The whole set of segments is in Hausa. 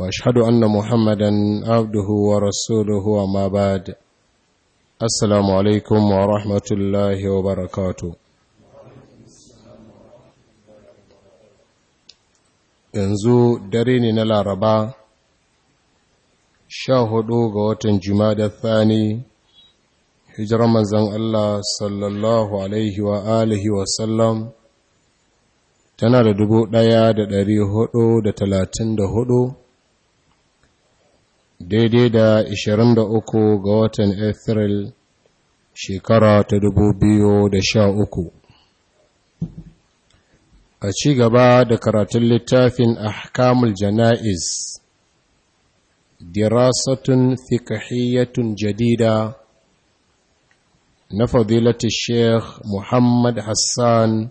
واشهد ان محمدا عبده ورسوله وما بعد السلام عليكم ورحمه الله وبركاته yanzu dare ne na laraba sha hudu ga watan jimada thani hijirar manzan Allah sallallahu alaihi wa alihi wasallam tana da dubu daya da dari hudu da talatin da hudu daidai da 23 ga watan Afril shekara ta da sha uku. A ci gaba da karatun littafin Ahkamul Jana'iz, dirasatun fikahiyatun jadida na fadilata Sheikh Muhammad Hassan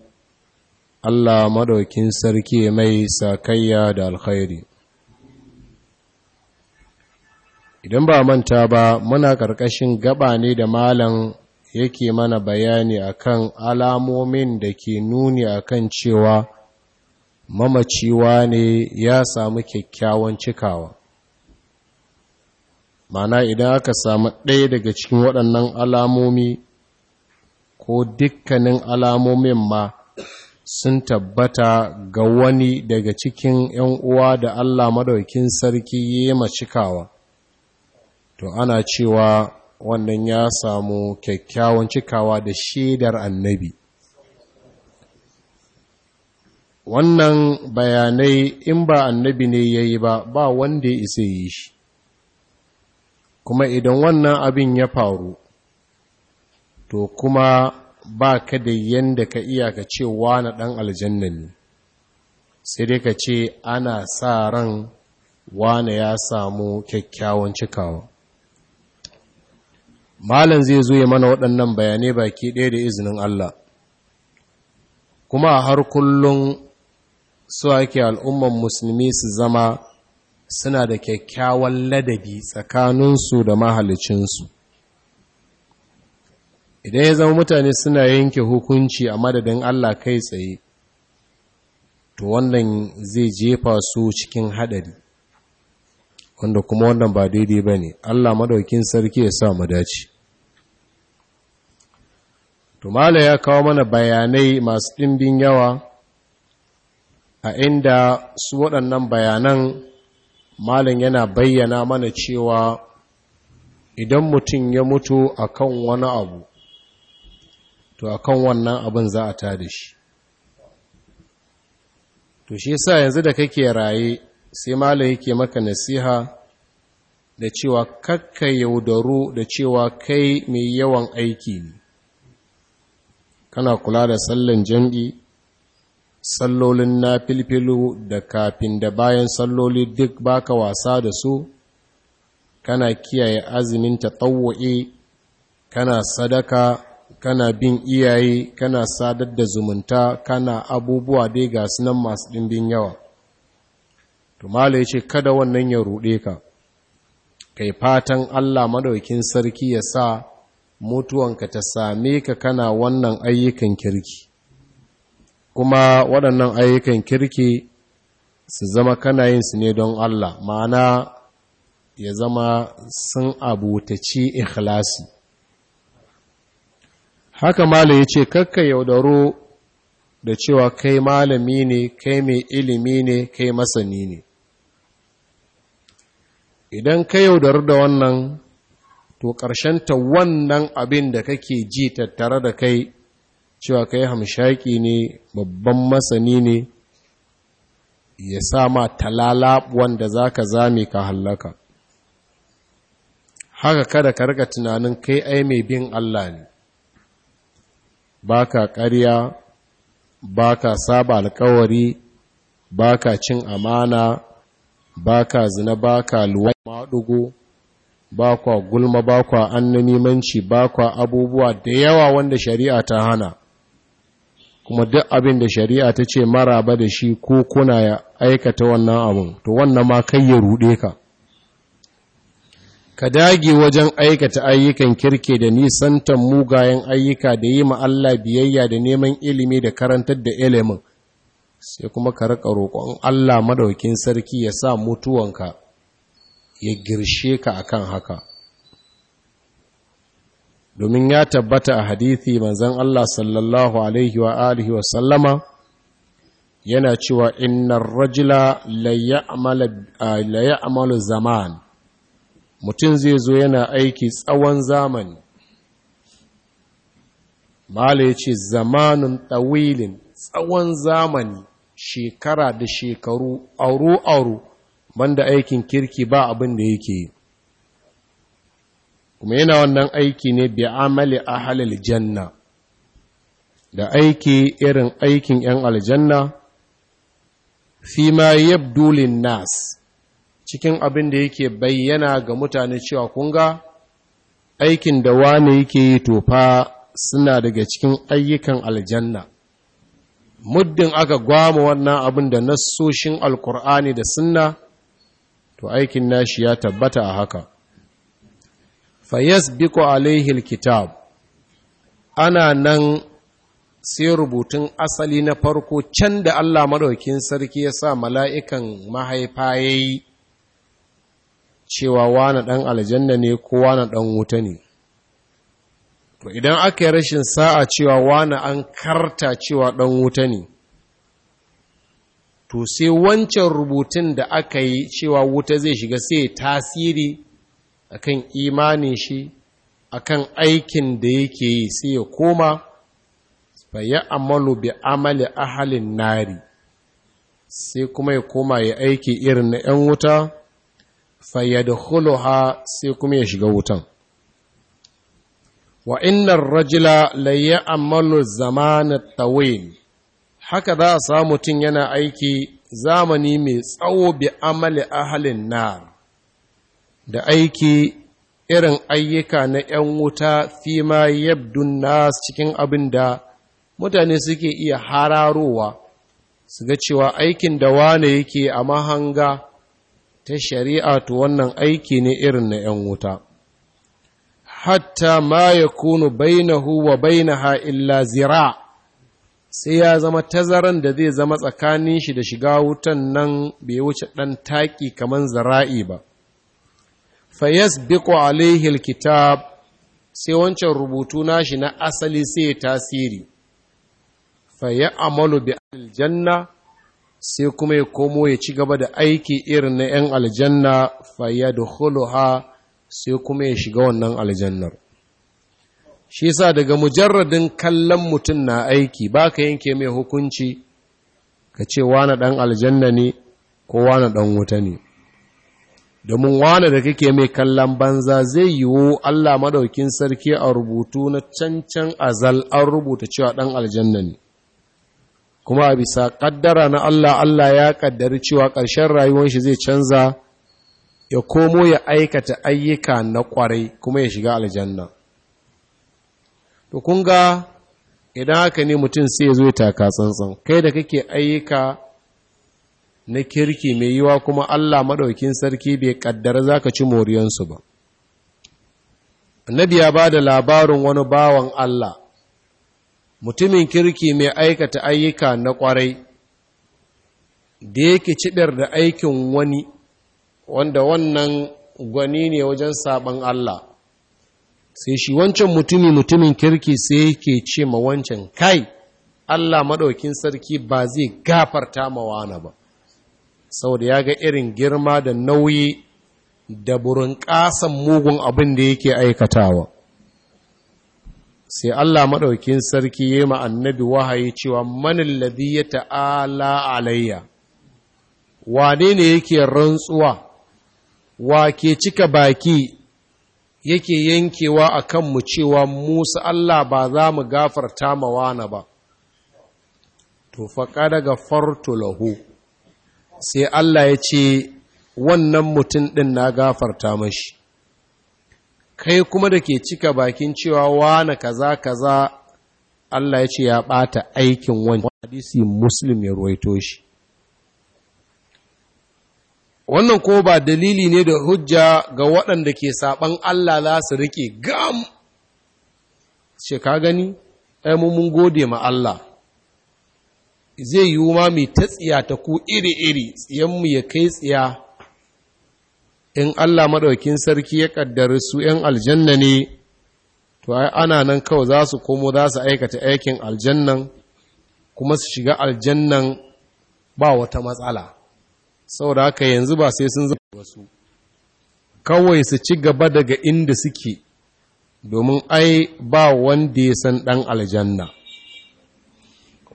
Allah madaukin sarki mai sakayya da alkhairi. idan ba manta ba muna ƙarƙashin gaba ne da malam yake mana bayani akan alamomin da ke nuni akan cewa mamaciwa ne ya samu kyakkyawan cikawa mana idan aka samu ɗaya daga cikin waɗannan alamomi ko dukkanin alamomin ma sun tabbata ga wani daga cikin ‘yan uwa da Allah madaukin sarki ya yi cikawa to ana cewa wannan ya samu kyakkyawan cikawa da shaidar annabi wannan bayanai in ba annabi ne ya yi ba ba wanda ya isa yi shi kuma idan wannan abin ya faru to kuma ba ka da yadda ka iya ka ce na ɗan aljanna ne sai dai ka ce ana sa ran wane ya samu kyakkyawan cikawa malam zai zo ya mana waɗannan bayanai baki ɗaya da izinin Allah kuma a har kullum su ake al'umman musulmi su zama suna da kyakkyawan ladabi tsakaninsu da mahalicinsu idan ya zama mutane suna yanke hukunci a madadin Allah kai tsaye to wannan zai jefa su cikin haɗari wanda kuma wannan ba daidai ba ne allah madaukin sarki ya sa mu dace tumala ya kawo mana bayanai masu ɗimbin yawa a inda su waɗannan bayanan malin yana bayyana mana cewa idan mutum ya mutu akan wani abu to akan wannan abin za a tada shi to shi sa yanzu da kake raye sai malai yake maka nasiha da cewa kakka yaudaru da cewa kai mai yawan aiki ne kana kula da sallan jam'i sallolin na filfilu da kafin da bayan salloli duk baka wasa da su kana kiyaye azumin taɓawo'e kana sadaka kana bin iyaye kana sadar da zumunta kana abubuwa dai ga sunan masu ɗimbin yawa to mala ce, kada wannan ya rude ka kai fatan Allah madaukin sarki ya sa mutuwanka ta same ka kana wannan ayyukan kirki kuma waɗannan ayyukan kirki su zama kana yin su ne don Allah ma'ana ya zama sun abutaci ikhlasi haka mala ya ce kakka yaudaro da cewa kai malami ne kai mai ilimi ne kai masani ne idan ka yaudar da wannan to ƙarshen ta wannan abin da kake ji tattare da kai cewa kai hamshaki ne babban masani ne ya sa ma talala wanda za ka zame ka hallaka haka kada ka rika tunanin kai ai mai bin Allah ne ba ka ƙarya ba ka saba alkawari ba ka cin amana ba ka zina ba ka luwa maɗugo ba kwa gulma ba kwa annamimanci ba kwa abubuwa da yawa wanda shari'a ta hana kuma duk abin da shari'a ta ce mara ba da shi ko kuna ya aikata wannan abin to wannan ma kai ya ruɗe ka ka dage wajen aikata ayyukan kirke da nisantan mugayen ayyuka da yi Allah biyayya da neman ilimi da karantar da ilimin sai kuma ka raka roƙon Allah madaukin sarki ya sa mutuwanka ya girshe ka a kan haka domin ya tabbata a hadithi manzon Allah sallallahu alaihi wa alihi wa sallama yana cewa innar rajula la ya'malu zaman mutum zai zo yana aiki tsawon zamani mala ya ce zamanin tsawilin tsawon zamani shekara da shekaru auro-auro banda aikin kirki ba abin da yake yi kuma yana wannan aiki ne bi amali halal janna da aiki irin aikin 'yan aljanna fi ma yabdulin nas cikin abin da yake bayyana ga mutane cewa kunga aikin da wane yake yi tofa suna daga cikin ayyukan aljanna muddin aka gwama wannan abin da nasoshin alkur'ani da sunna to aikin nashi ya tabbata a haka biko alaihi kitab. ana nan sai rubutun asali na farko can da Allah maɗaukin sarki ya sa mala'ikan mahaifa ya yi. cewa wana ɗan aljanna ne ko ɗan wuta ne to idan aka yi rashin sa'a cewa wani an karta cewa ɗan wuta ne to sai wancan rubutun da aka yi cewa wuta zai shiga sai tasiri akan imanin shi akan aikin da yake yi sai ya koma fa ya amalu bi amali ahalin nari sai kuma ya koma ya aiki irin na 'yan wuta fa ya sai kuma ya shiga wutan Wa'innan rajila rajula la ya'malu zaman tawil haka za a sa mutum yana aiki zamani mai tsawo bi amali ahalin na, da aiki irin ayyuka na 'yan wuta fi ma yabdun nas cikin abin da mutane suke iya hararowa su cewa aikin da wane yake a mahanga ta shari'a ta wannan aiki ne irin na 'yan wuta hatta ma ya kunu bainahu wa bainaha illa zira sai ya zama tazaran da zai zama tsakanin shi da shiga wutan nan bai wuce ɗan taƙi kamar zira'i ba fayas biko alaihi kitab, sai wancan rubutu nashi na asali sai tasiri faya amalu bi aljanna sai kuma ya komo ya ci gaba da aiki irin na 'yan aljanna faya da sai kuma ya shiga wannan aljannar shi sa daga mujarradin kallon mutum na aiki ba ka yanke mai hukunci ka ce wane ɗan aljanna ne ko wane ɗan wuta ne domin wane da kake mai kallon banza zai yiwu Allah maɗaukin sarki a rubutu na cancan azal an rubuta cewa ɗan aljanna ne kuma a bisa ƙaddara na Allah Allah ya ƙaddari cewa ƙarshen rayuwar shi zai canza ya komo ya aikata ayyuka na kwarai kuma ya shiga aljanna to kun ga idan haka ne mutum sai ya zo ya taka tsantsan kai da kake ayyuka na kirki mai yiwa kuma Allah maɗaukin sarki bai ƙaddara za ka ci moriyansu ba. Annabi ya ba da labarin wani bawan Allah, mutumin kirki mai aikata ayyuka na ƙwarai, da yake ciɗar da aikin wani wanda wannan gwani ne wajen saban Allah sai shi wancan mutumi mutumin kirki sai yake ce ma wancan kai Allah maɗaukin sarki ba zai gafarta ma wani ba saboda ya ga irin girma da nauyi da burin ƙasan mugun abin da yake aikatawa sai Allah maɗaukin sarki ya yi annabi wahayi cewa manin ladi ya ta'ala alayya wane ne yake rantsuwa wa ke cika baki yake yankewa a kanmu cewa musa Allah ba za mu gafarta mawana ba to faƙa daga farto lahu sai Allah ya ce wannan mutum ɗin na gafarta mashi kai kuma da ke cika bakin cewa wane kaza kaza Allah ya ce ya ɓata aikin wani hadisi muslim ya ruwaito shi wannan ko ba dalili ne da hujja ga waɗanda ke saɓan Allah za su riƙe gam ce ka gani ai mun gode ma Allah zai yi ma mai ta tsiya ta ku iri-iri tsiyanmu ya kai tsiya in Allah maɗaukin sarki ya ƙaddari su ‘yan aljanna ne to ai ana nan kawai za su komo za su aikata aikin aljannan kuma su shiga aljannan ba wata matsala saboda haka yanzu ba sai sun zama wasu kawai su ci gaba daga inda suke domin ai ba wanda ya san ɗan aljanna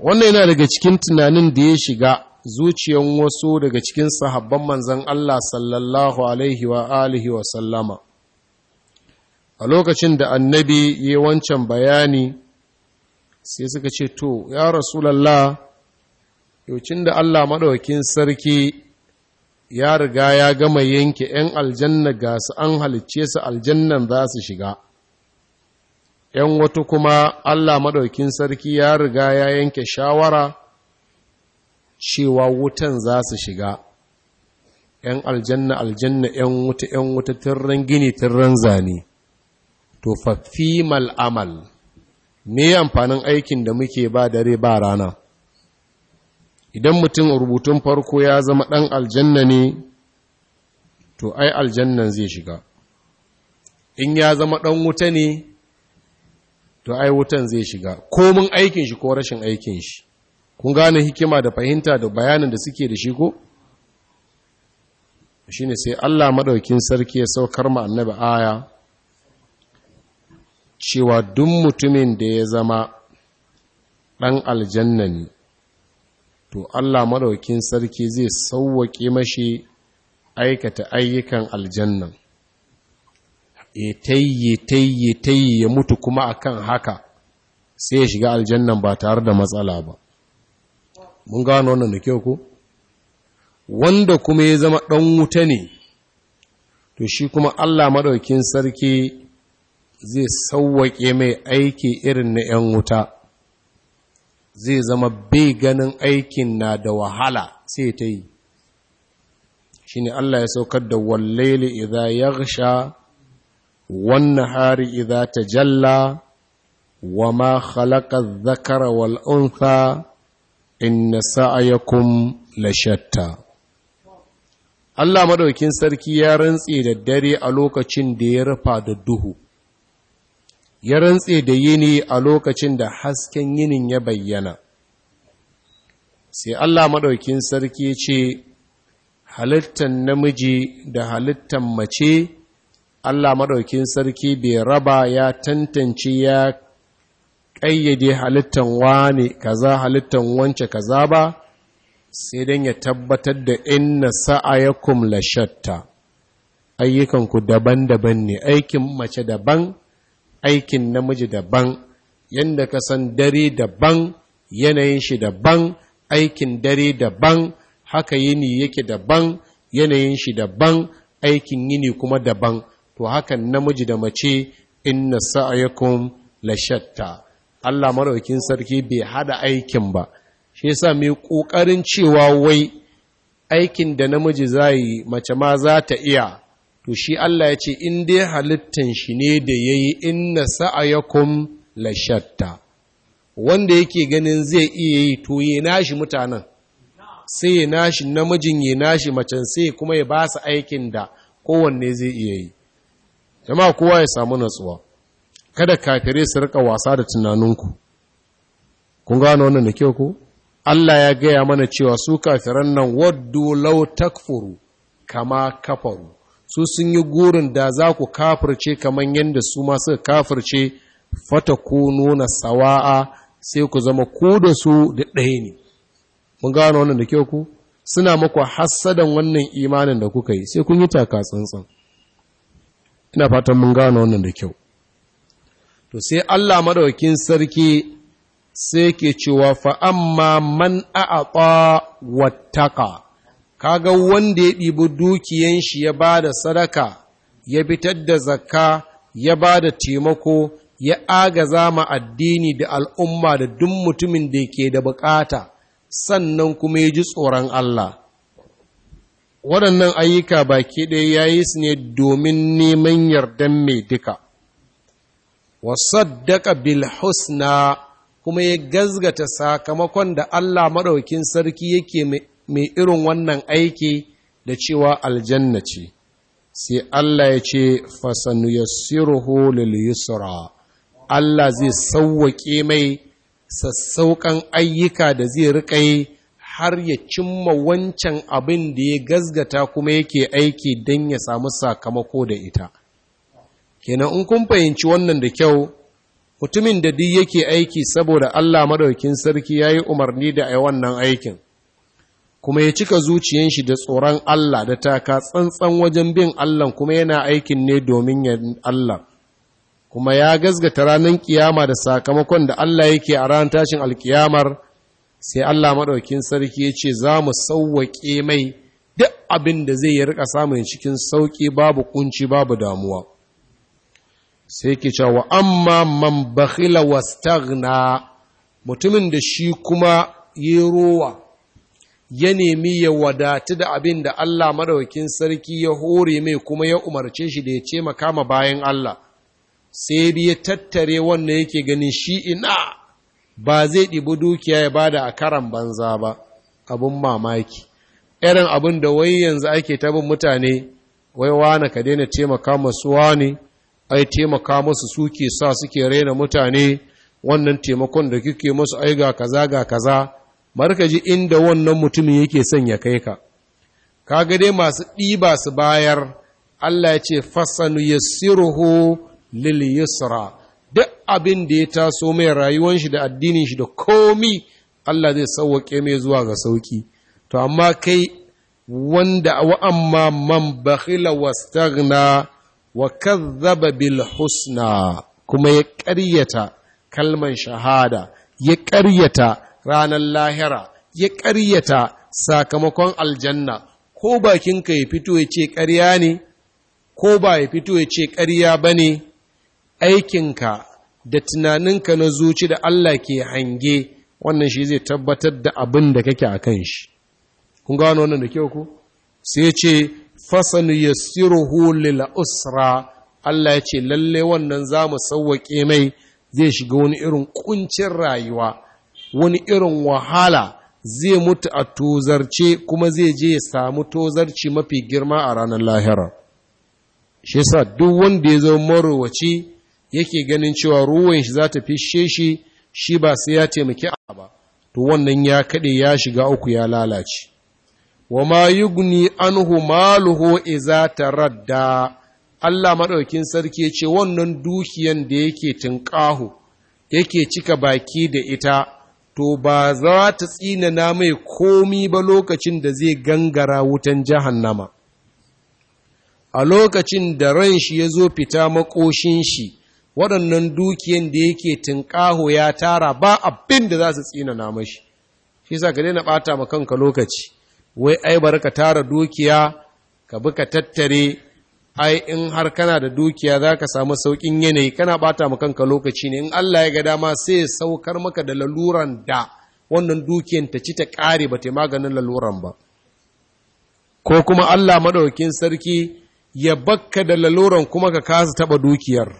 wannan yana daga cikin tunanin da ya shiga zuciyan wasu daga cikin sahabban manzan Allah sallallahu alaihi wa alihi wa sallama a lokacin da annabi yi wancan bayani sai suka ce to ya rasulallah yaucin da Allah maɗaukin sarki ya riga ya gama yanke ‘yan aljanna ga su an halicce su aljannan za su shiga, ‘yan wata kuma Allah maɗaukin sarki ya riga ya yanke shawara cewa wutan za su shiga, ‘yan aljanna aljanna ‘yan wuta ‘yan wuta turren gini turren zane, to mal'amal, me amfanin aikin da muke ba dare ba rana. idan mutum rubutun farko ya zama ɗan aljanna ne to ai aljannan zai shiga in ya zama ɗan wuta ne to ai wutan zai shiga komin aikin shi ko rashin aikin shi kun gane hikima da fahimta da bayanin da suke da shi ko ne sai Allah maɗaukin sarki ya saukar ma annabi aya cewa duk mutumin da ya zama ɗan aljanna ne to Allah maɗaukin sarki zai sauwaƙe mashi aikata ayyukan aljannan yatayi ya mutu kuma akan haka sai ya shiga aljanna ba tare da matsala ba mun gano wannan da kyau ko wanda kuma ya zama ɗan wuta ne to shi kuma Allah maɗaukin sarki zai sauwaƙe mai aiki irin na ‘yan wuta zai zama bai ganin aikin na da wahala sai ta yi shi ne Allah ya saukar da idan ya gasha wannan hari idan ta jalla wa ma khalaqa dhakara wal untha inna sa'ayakum lashatta Allah madaukin sarki ya rantse da dare a lokacin da ya rufa da duhu ya rantse da yini a lokacin da hasken yinin ya bayyana sai Allah maɗaukin sarki ce halittan namiji da halittan mace Allah maɗaukin sarki bai raba ya tantance ya ƙayyade halittan wane kaza halittan wance kaza ba sai don ya tabbatar da inna sa'ayakum la shatta ayyukanku daban-daban ne aikin mace daban aikin namiji daban yadda ka san dare daban yanayin shi daban aikin dare daban haka yini yake daban yanayin shi daban aikin yini kuma daban to hakan namiji da mace inna sa'ayakum la shatta Allah maraukin sarki bai hada aikin ba shi yasa mai kokarin cewa wai aikin da namiji zai mace ma za ta iya to shi Allah ya ce in dai halittan shi ne da ya yi inna sa'ayakum la shatta wanda yake ganin zai iya yi to ya nashi mutanen sai ya nashi namijin ya nashi macen sai kuma ya ba su aikin da kowanne zai iya yi Jam'a kowa ya samu natsuwa kada kafirai su rika wasa da tunaninku kun gano wannan da kyau ko Allah ya gaya mana cewa su kafiran nan waddu law takfuru kama kafaru su sun yi gurin da za ku kafirce kamar yadda su ma suka kafirce fata ko nuna sawa'a sai ku zama ku da su da ɗaya ne mun gano wannan da kyau ku suna muku hassadan wannan imanin da kuka yi sai kun yi taka tsantsan ina fatan mun gano wannan da kyau to sai Allah maɗaukin sarki sai ke cewa fa amma man a'ata wattaqa kaga wanda ya ɗibi dukiyan shi ya ba da sadaka ya fitar da zakka ya ba da taimako ya agaza ma addini da al'umma da duk mutumin da ke da bukata sannan kuma ya ji tsoron Allah waɗannan ayyuka baki ɗaya ya yi su ne domin neman yardan mai duka wasaddaka bil husna kuma ya gazgata sakamakon da Allah maɗaukin sarki yake mai mai irin wannan aiki da cewa aljanna ce sai Allah ya ce fasanu yassiruhu lil yusra Allah zai sauwaƙe mai sassauƙan ayyuka da zai riƙa har ya cimma wancan abin da ya gazgata kuma yake aiki don ya samu sakamako da ita. Kenan in kun fahimci wannan da kyau, mutumin da duk yake aiki saboda Allah maɗaukin sarki ya yi umarni da a wannan aikin, kuma ya cika zuciyan shi da tsoron Allah da taka tsantsan wajen bin Allah kuma yana aikin ne domin ya Allah kuma ya gazgata ranar kiyama da sakamakon da Allah yake a ran tashin alkiyamar sai Allah maɗaukin sarki ya ce za mu sauwaƙe mai duk abin da zai yi rika samun cikin sauƙi babu kunci babu damuwa sai ke cewa amma man bakhila wastaghna mutumin da shi kuma yi rowa ya nemi ya wadatu da abin da Allah Maɗaukin sarki ya hore mai kuma ya umarce shi da ya ce makama bayan Allah sai da ya tattare wannan yake ganin shi ina ba zai ɗibi dukiya ya bada a karan banza ba abun mamaki irin abin da wai yanzu ake tabin mutane wai wane ka daina taimaka masu wane ai taimaka masu suke sa suke raina mutane wannan taimakon da kike masu ai ga kaza ga kaza barka ji inda wannan mutumin yake son ya kai ka kaga dai masu ɗiba su bayar Allah ya ce fasanu yassiruhu lil yusra duk abin da ya taso mai rayuwan shi da addinin shi da komi Allah zai sauwake mai zuwa ga sauƙi. to amma kai wanda wa amma man bakhila wastaghna wa kazzaba bil husna kuma ya ƙaryata kalman shahada ya ƙaryata ranar lahira ya ƙaryata sakamakon aljanna ko bakinka ya fito ya ce ƙarya ne ko ba ya fito ya ce ƙarya ba ne aikinka da tunaninka na zuci da Allah ke hange wannan shi zai tabbatar da abin da kake a kan shi kun gano wannan da kyau ku sai ce ya yassiruhu lil usra Allah ya ce lalle wannan za mu sauwake mai zai shiga wani irin ƙuncin rayuwa wani irin wahala zai mutu a tozarce kuma zai je ya samu tozarci mafi girma a ranar lahira shi yasa duk wanda ya zama marowaci yake ganin cewa ruwan shi za ta fishe shi shi ba sai ya taimaki a ba to wannan ya kaɗe ya shiga uku ya lalace wa ma yugni anhu maluhu iza taradda Allah maɗaukin sarki ce wannan dukiyan da yake tinƙahu yake cika baki da ita to ba za ta tsinana mai komi ba lokacin da zai gangara wutan nama? a lokacin da ran shi ya zo fita makoshin shi waɗannan dukiyan da yake tunƙaho ya tara ba abin da za su tsinana mashi shi sa ka daina ɓata ma kanka lokaci wai ai ka tara dukiya ka bi ka tattare ai in har kana da dukiya za ka samu sauƙin yanayi kana ɓata ma kanka lokaci ne in Allah ya ga dama sai ya saukar maka da laluran da wannan dukiyan ta ci ta kare ba ta maganin laluran ba ko kuma Allah maɗaukin sarki ya bakka da laluran kuma ka kasa taɓa dukiyar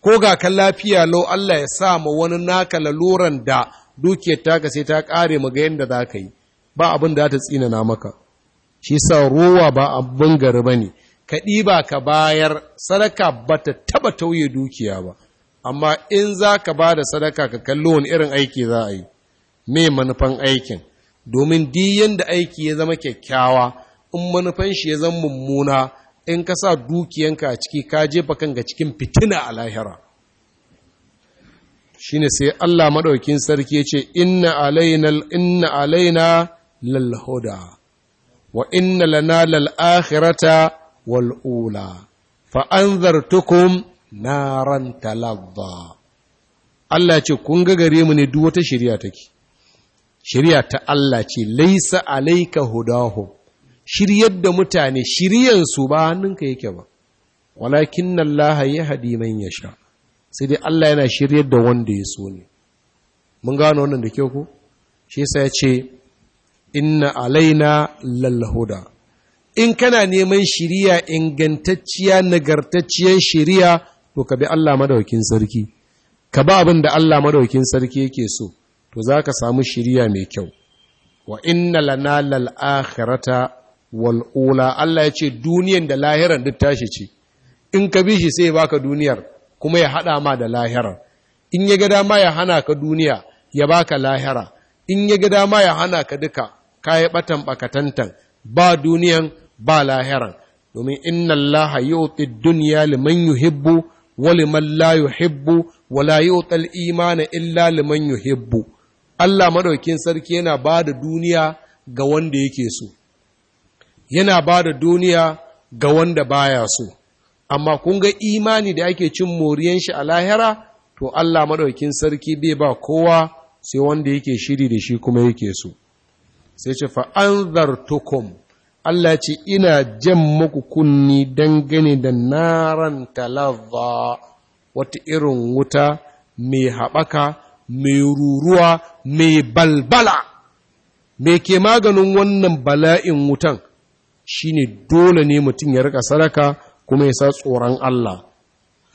ko ga kan lafiya lau Allah ya sa ma wani naka laluran da dukiyar taka sai ta kare maga ga yadda za ka yi ba abin da ta tsinana maka shi sa ruwa ba abin gari ba ne ka ɗiba ka bayar sadaka ba ta taɓa tauye dukiya ba amma in za ka ba da sadaka ka kallo wani irin aiki za a yi me manufan aikin domin diyan da aiki ya zama kyakkyawa in manufan shi ya zama mummuna in ka sa dukiyanka a ciki ka jefa kan ga cikin fitina a lahira shine sai Allah maɗaukin sarki ce inna alaina inna alaina wa inna lana lal wal'ula, fa'anzartukum naran talabba. Allah ce, kun ga gare mu ne duk wata shirya take, shirya ta Allah ce, laisa alaika hudahu, shiryar da mutane shiryansu ba hannunka yake ba, walakin nan lahayi man ya sha, sai dai Allah yana shiryar da wanda ya so ne. Mun gano wannan da kyau ko? Shi ya ce, Inna alaina lalhuda. in kana neman shiriya ingantacciya nagartacciyar shiriya to ka bi Allah madaukin sarki ka ba abin da Allah madaukin sarki yake so to za ka samu shiriya mai kyau wa inna lana lal akhirata wal ula Allah ya ce duniyar da lahiran duk tashi ce in ka bi shi sai ya baka duniyar kuma ya hada ma da lahirar in ya ga dama ya hana ka duniya ya baka lahira in ya ga dama ya hana ka duka yi batan bakatantan ba duniyan ba lahiran domin inna allaha yu'ti dunya liman yuhibbu wa liman la yuhibbu wa la yu'ti al-imana illa liman yuhibbu Allah madaukin sarki yana ba da duniya ga wanda yake so yana ba da duniya ga wanda baya so amma kun ga imani da ake cin moriyan shi a lahira to Allah madaukin sarki bai ba kowa sai wanda yake shiri da shi kuma yake so sai ce fa anzartukum Allah ce ina jan muku kunni dangane da naran talazza wata irin wuta mai haɓaka mai ruruwa mai balbala mai ke maganin wannan bala'in wutan shine dole ne mutum ya rika sadaka kuma ya sa tsoron Allah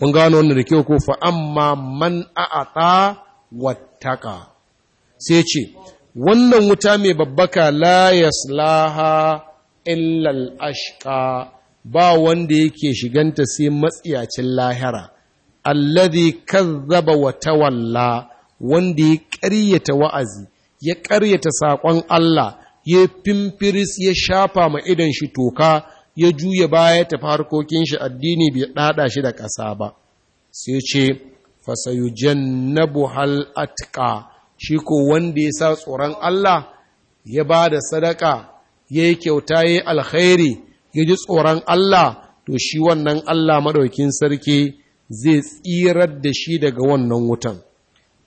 mun gano wannan da kyau ko fa amma man a'ata wattaka sai ce wannan wuta mai babbaka la yaslaha illal ashka ba wanda yake shiganta sai matsiyacin lahira alladhi kazzaba wa tawalla wanda ya ƙaryata wa'azi ya ƙaryata saƙon Allah ya fimfiris ya shafa ma idan shi toka ya juya baya tafi harkokin shi addini bai ɗaɗa shi da ƙasa ba sai ce na hal atka shi ko wanda ya sa tsoron Allah ya ba da sadaka ya yi kyauta ya yi alkhairi ya ji tsoron Allah to shi wannan Allah maɗaukin sarki zai tsirar da shi daga wannan wutan.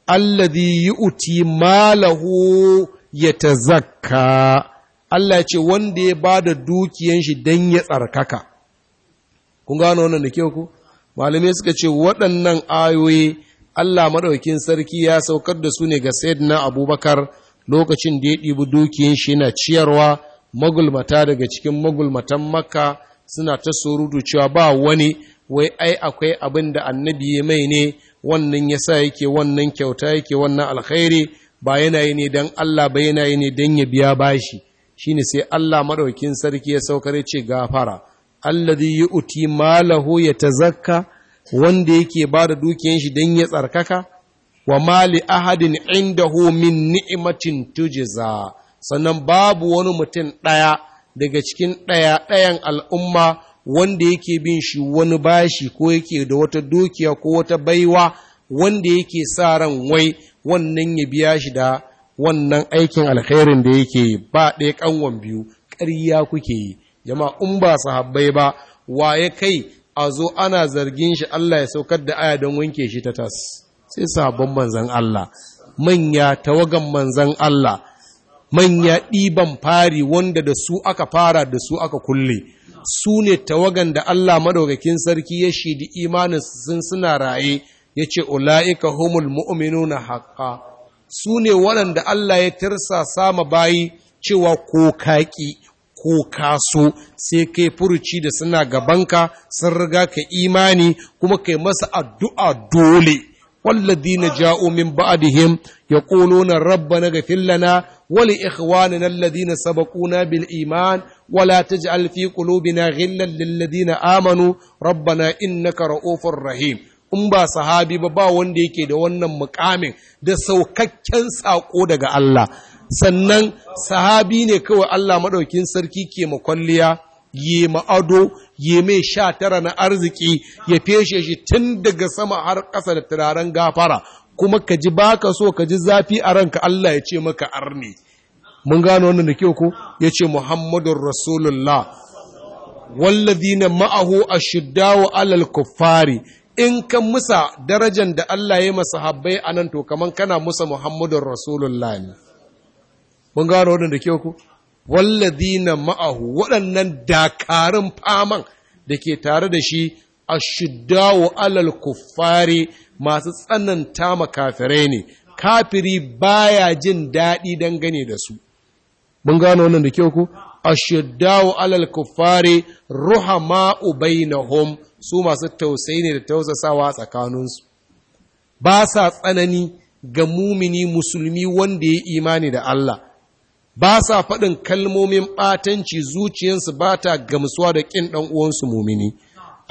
Allah yi uti malahu zaka. Allah ce wanda ya ba da dukiyan shi don ya tsarkaka. Kun gano wannan da kyau ku? Malamai suka ce waɗannan ayoyi Allah maɗaukin sarki ya saukar da su ne ga Sayyidina Abubakar lokacin da ya ɗibi dukiyan shi na ciyarwa magulmata daga cikin magulmatan makka suna ta surutu cewa ba wani wai ai akwai abin da annabi ya mai ne wannan ya sa yake wannan kyauta yake wannan alkhairi ba yanayi ne don Allah ba yanayi ne don ya biya bashi shine sai Allah maɗaukin sarki ya saukar ya ce gafara allazi yu'ti malahu yatazakka wanda yake ba da dukiyan shi don ya tsarkaka wa mali ahadin indahu min ni'matin tujza sannan babu wani mutum ɗaya daga cikin ɗaya ɗayan al'umma wanda yake bin shi wani bashi ko yake da wata dukiya ko wata baiwa wanda yake sa ran wai wannan ya biya shi da wannan aikin alkhairin da yake ba ɗaya ƙanwan biyu ƙarya kuke yi jama'a in ba sahabbai ba Wa ya kai a zo ana zargin shi Allah ya saukar da aya don wanke shi ta tas sai sabon manzan Allah manya tawagan manzan Allah manya ɗiban fari wanda da su aka fara da su aka kulle su ne tawagan da Allah madaukakin sarki ya shidi imanin sun suna raye ya ce ula'ika humul na haƙa su ne waɗanda Allah ya tirsa sama bayi cewa ko kaƙi ko kaso sai kai furuci da suna gabanka sun riga ka imani kuma kai masa addu'a dole والذين جاءوا من بعدهم يقولون ربنا اغفر لنا ولإخواننا الذين سبقونا بالإيمان ولا تجعل في قلوبنا غلا للذين آمنوا ربنا إنك رؤوف رحيم in ba sahabi ba ba wanda yake da wannan mukamin da saukakken saƙo daga Allah sannan sahabi ne kawai Allah maɗaukin sarki ke makwalliya yi ma'ado yi mai sha tara na arziki ya feshe shi tun daga sama har ƙasa da turaren gafara kuma ka ji baka so ka ji zafi a ranka Allah ya ce maka arni mun gano wannan da kyau ko ya ce muhammadun rasulullah walladina ma'ahu ashiddawa alal kuffari in ka musa darajar da Allah ya masa habbai nan to kamar kana musa muhammadun rasulullah ne mun gano wannan da kyau ko Walladina ma'ahu waɗannan dakarun faman da ke tare da shi a ashiddawo alal kuffari masu tsananta makafirai ne kafiri baya jin daɗi dangane da su mun gano wannan da kyau ku ashiddawo alal kuffari ruhama'u bainahum su masu tausayi ne da tausasawa tsakaninsu ba sa tsanani ga mumini musulmi wanda ya imani da Allah ba sa faɗin kalmomin ɓatanci zuciyarsu ba ta gamsuwa da ƙin ɗan uwansu mumini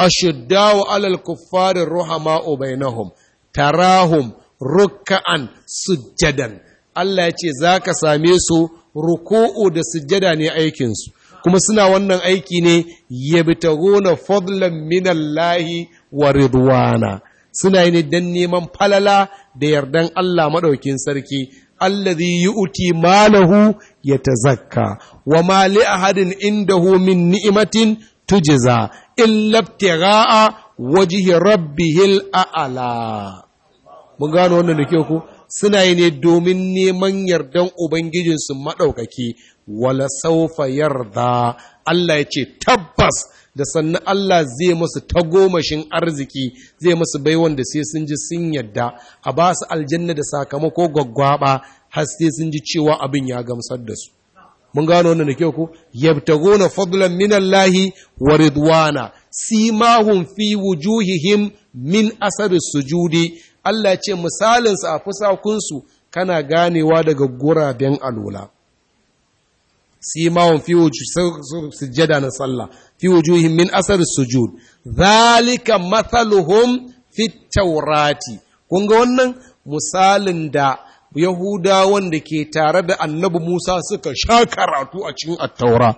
ashiddawu alal kuffarin ruhama ubainahum tarahum rukka'an sujjadan Allah ya ce za ka same su ruku'u da sujjada ne aikinsu kuma suna wannan aiki ne ya bi ta gona fadlan minallahi wa ridwana suna yi ne don neman falala da yardan Allah maɗaukin sarki alladhi uti malahu ya yatazakka wa mali ma li ahadin indahu min ni'matin tujza illa ibtigha'a wajhi rabbihil a'la mun gano wannan da ke ku suna yi ne domin neman yardan ubangijinsu madaukaki wala saufa yarda Allah ya ce tabbas da sannan Allah zai masu tagomashin arziki zai masu bai wanda sai sun ji sun yadda a ba su aljanna da sakamako gwaggwaba har sai sun ji cewa abin ya gamsar da su mun gano wannan kyau ko yabtaguna fadlan min Allah wa ridwana simahum fi wujuhihim min su sujudi Allah ce misalin sa a fusakunsu kana ganewa daga guraben alula simawun fi jada na sallah fi wujuhin min asar sujud zalika mathaluhum fi taurati kun ga wannan misalin da yahudawan da ke tare da annabi musa suka sha karatu a cikin attaura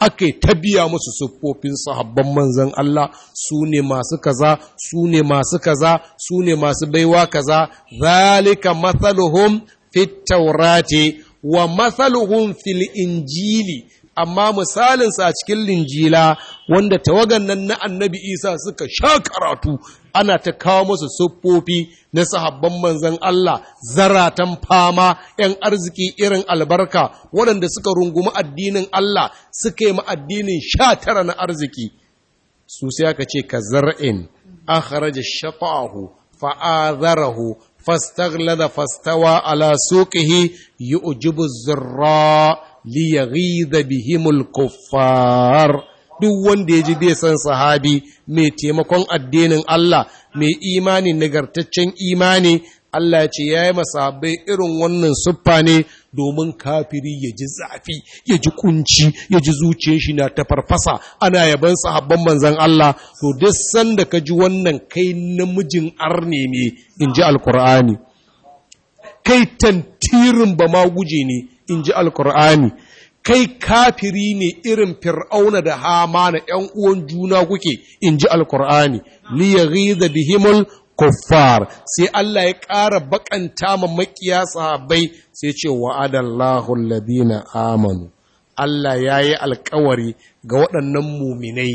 ake tabiya musu siffofin sahabban manzan Allah su ne masu kaza su ne masu kaza su ne masu baiwa kaza zalika mathaluhum fit taurati wa mathaluhum fil injili amma misalinsa a cikin linjila wanda tawagan nan na annabi isa suka sha karatu ana ta kawo musu siffofi na sahabban manzan Allah zaratan fama ‘yan arziki irin albarka waɗanda suka rungumi addinin Allah suka yi addinin sha tara na arziki su sai aka ce ka zar'in kharaja shafa'ahu fa'azarahu فاستغلظ فاستوى على سوقه يؤجب الزراء ليغيظ بهم الكفار duk wanda ya ji bai san sahabi mai taimakon addinin Allah mai imani nagartaccen imani Allah ce ya yi masahabai irin wannan siffa ne domin kafiri ya ji zafi ya ji kunci ya ji zuciyar shi na ta farfasa ana yaban sahabban manzan Allah to duk sanda ka ji wannan kai namijin arne ne ji alkur'ani kai tantirin ba ma guje ne in ji alkur'ani kai kafiri ne irin fir'auna da hama na ‘yan uwan juna kuke in ji alkur'ani li ya bihimal kuffar sai Allah ya ƙara bakanta ma makiya sahabbai sai ce wa'adallahu alladhina amanu Allah ya yi alkawari ga waɗannan muminai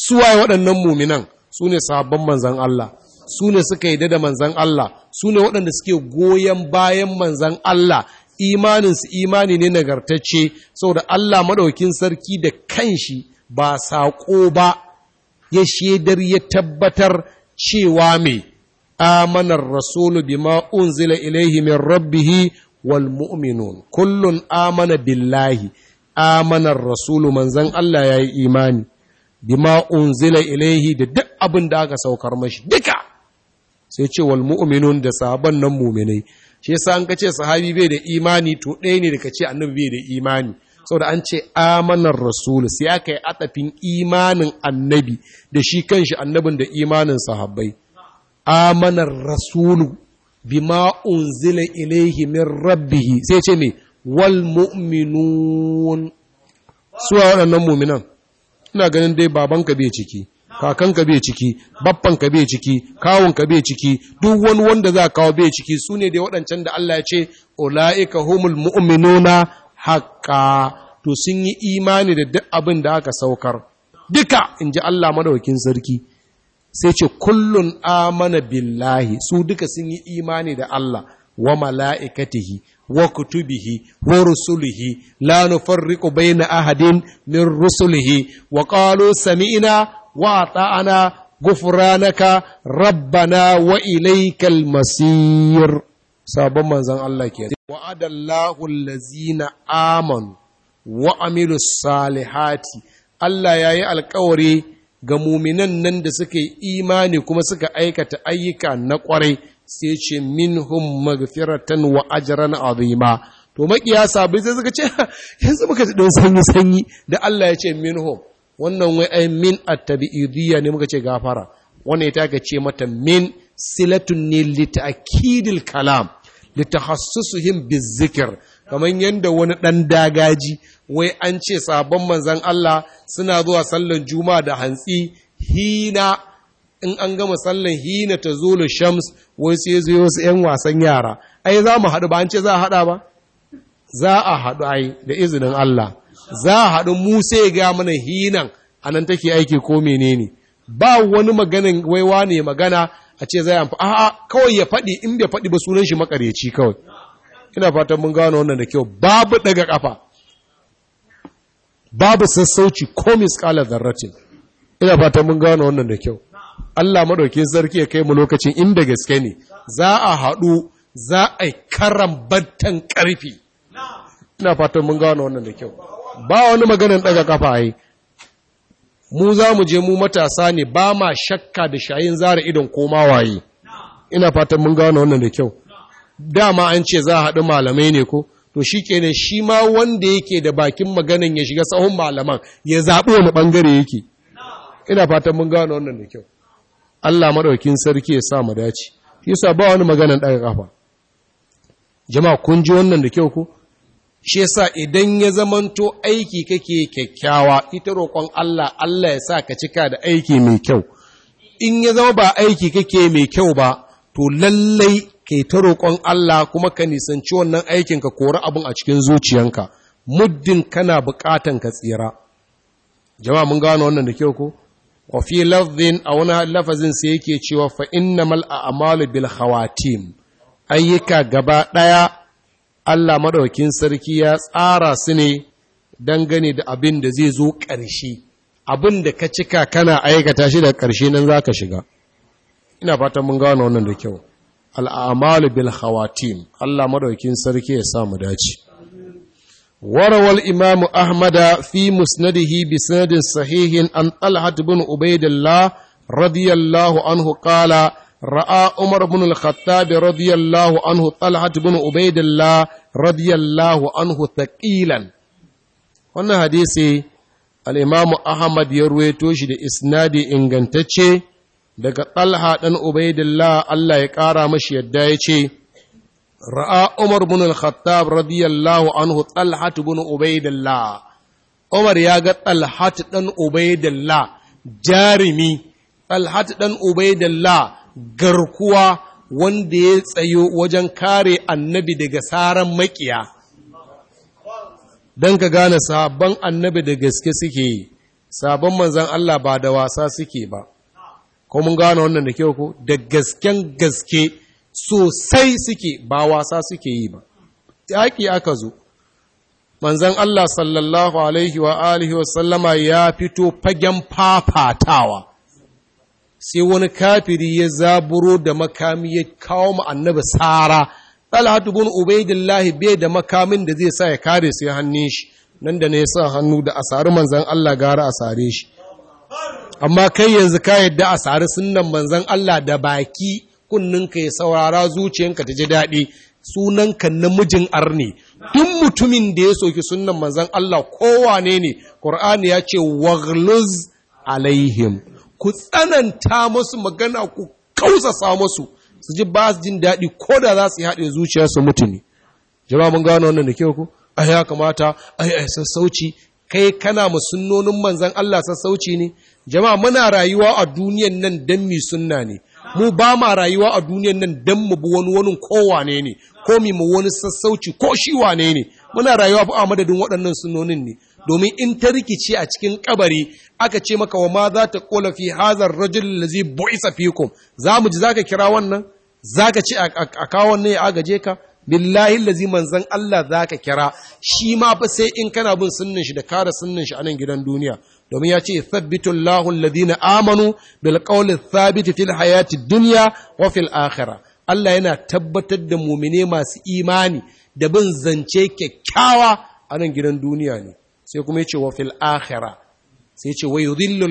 su waye waɗannan muminan su ne sahabban manzan Allah su ne suka yi da manzan Allah su ne waɗanda suke goyon bayan manzan Allah imaninsu imani ne nagartacce saboda Allah maɗaukin sarki da kanshi ba saƙo ba ya shaidar ya tabbatar cewa mai amanar rasulu bima unzila ilaihi min rabbihi wal mu'minun kullun amana billahi amanar rasulu manzon Allah ya yi imani bima unzila ilaihi da duk abin da aka saukar mashi duka sai ce wal mu'minun da sabon nan mu'minai shi yasa an kace sahabi bai da imani to ɗaya ne da kace annabi bai da imani saboda an ce amanar rasulu sai aka yi atafin imanin annabi da shi kan shi annabin da imanin sahabbai amanar rasulu bi ma'un zile ilaihi min rabbihi sai ce me wal mu'minun suwa waɗannan mu'minan ina ganin dai babanka bai ciki kakanka bai ciki babbanka bai ciki kawunka bai ciki duk wani wanda za kawo bai ciki su ne dai waɗancan da Allah ya ce ula'ika humul mu'minuna haƙƙa to sun yi imani da duk abin da aka saukar duka in ji Allah maɗaukin sarki sai ce kullun amana billahi su duka sun yi imani da Allah wa mala'ikatihi wa kutubihi wa rusulihi la nufarriqu bayna ahadin min rusulihi wa qalu sami'na wa ata'ana ghufranaka rabbana wa ilaikal masir sabon manzan Allah ke wa'adallahu lazina amanu wa amiru salihati Allah ya yi alkawari ga muminan nan da suka yi imani kuma suka aikata ayyuka na kwarai sai ce minhum magfiratan wa ajran azima to makiya sabai sai suka ce yanzu muka ji dan sanyi sanyi da Allah ya ce minhum wannan wai ai min attabi'idiyya ne muka ce gafara wannan ya ka ce mata min silatun ne li ta'kidil kalam litakhassisuhum bizikr kaman yanda wani dan dagaji wai an ce sabon manzon Allah suna zuwa sallan juma'a da hantsi hina in an gama sallan hina ta zulu shams wai sai zo wasu yan wasan yara ai za mu haɗu ba an ce za a haɗa ba za a haɗu ai da izinin Allah za a haɗu Musa ya ga mana hinan anan take aiki ko menene ba wani maganin waiwa ne magana a ce zai amfa a'a kawai ya faɗi in bai faɗi ba sunan shi makareci kawai ina fatan mun gano wannan da kyau babu daga kafa babu sassauci ko misqala dharratin ina fatan mun gano wannan da kyau Allah madauke sarki ya kai mu lokacin inda gaske ne za a haɗu za a yi karan bantan karfi ina fatan mun gano wannan da kyau ba wani maganin daga kafa ai mu za mu je mu matasa ne ba ma shakka da shayin zara idon koma waye ina fatan mun gano wannan da kyau dama an ce za a haɗu malamai ne ko to shi kenan shi ma wanda yake da bakin maganan ya shiga sahun malaman ya zaɓi wani ɓangare yake ina fatan mun gano wannan da kyau Allah maɗaukin sarki ya sa mu dace yasa ba wani maganan ɗaga kafa. jama'a kun ji wannan da kyau ko shi yasa idan ya zamanto aiki kake kyakkyawa ita roƙon Allah Allah ya sa ka cika da aiki mai kyau in ya zama ba aiki kake mai kyau ba to lallai kai ta roƙon Allah kuma ka nisanci wannan aikin ka kori abin a cikin zuciyanka muddin kana buƙatan ka tsira jama'a mun gano wannan da kyau ko wa fi lafzin a wani lafazin sai yake cewa fa innamal a'malu bil khawatim ayyuka gaba ɗaya Allah maɗaukin sarki ya tsara su ne dangane da abin da zai zo ƙarshe abin da ka cika kana aikata shi da ƙarshe nan za ka shiga ina fatan mun gano wannan da kyau al'amalu bil hawatin, Allah maɗaukin sarki ya samu dace warawal imamu ahmada fi musnadihi bi sanadin sahihin an talhat bin ubaidillah radiyallahu anhu kala. ra'a Umar ibn al-Khattab radiyallahu anhu Talha ibn Ubaidillah radiyallahu anhu taƙilan. wannan hadisi Al'imamu Ahmad ya ruwaito shi da isnadi ingantacce daga Talha ɗan Ubaidillah Allah ya ƙara mashi yadda ya ce ra'a Umar bin al-Khattab radiyallahu anhu Talha bin Ubaidillah Umar ya ga Talha ɗan Ubaidillah jarimi Talha ɗan Ubaidillah garkuwa wanda ya tsayo wajen kare annabi daga saran makiya don ka gane sabon annabi da gaske suke yi sabon manzan Allah ba da wasa suke ba ko mun gane wannan da kyau ko da gasken gaske sosai suke ba wasa suke yi ba yaƙi aka zo manzan Allah sallallahu alaihi wa alihi wa sallama ya fito fagen fafatawa sai wani kafiri ya zaburo da makami ya kawo mu annabi sara talhat bin ubaidillah bai da makamin da zai sa ya kare sai hannun shi nan da ne sa hannu da asari manzan Allah gara asare shi amma kai yanzu ka yadda asari sunnan manzan Allah da baki kunninka ya saurara zuciyarka ta ji daɗi sunanka namijin arni duk mutumin da ya soki sunnan manzan Allah kowane ne Qur'ani ya ce waghluz alaihim ku tsananta musu magana ku kausasa musu su ji ba su jin daɗi ko da za su yi haɗe zuciyarsu mutune jama'a mun gano wannan da kyau ku a ya kamata a ai sassauci kai kana mu sunnonin manzon Allah sassauci ne jama'a muna rayuwa a duniyan nan dan mi sunna ne mu ba ma rayuwa a duniyan nan dan mu bi wani wani kowane ne ko mi wani sassauci ko shi wane ne muna rayuwa fa a madadin waɗannan sunnonin ne domin in ta rikice a cikin kabari aka ce maka wa ma za ta ƙola fi hazar rajul lazi bu'isa fikum za mu ji za ka kira wannan za ka ce a kawo ne ya agaje ka billahi lazi manzan Allah za ka kira shi ma fa sai in kana bin sunnin shi da kare sunnan shi a nan gidan duniya domin ya ce thabbitu Allahu alladhina amanu bil qawli thabit fil hayati duniya wa fil akhirah Allah yana tabbatar da mumine masu imani da bin zance kyakkyawa a nan gidan duniya ne sai kuma yace wa fil akhirah sai yace wa yudhillu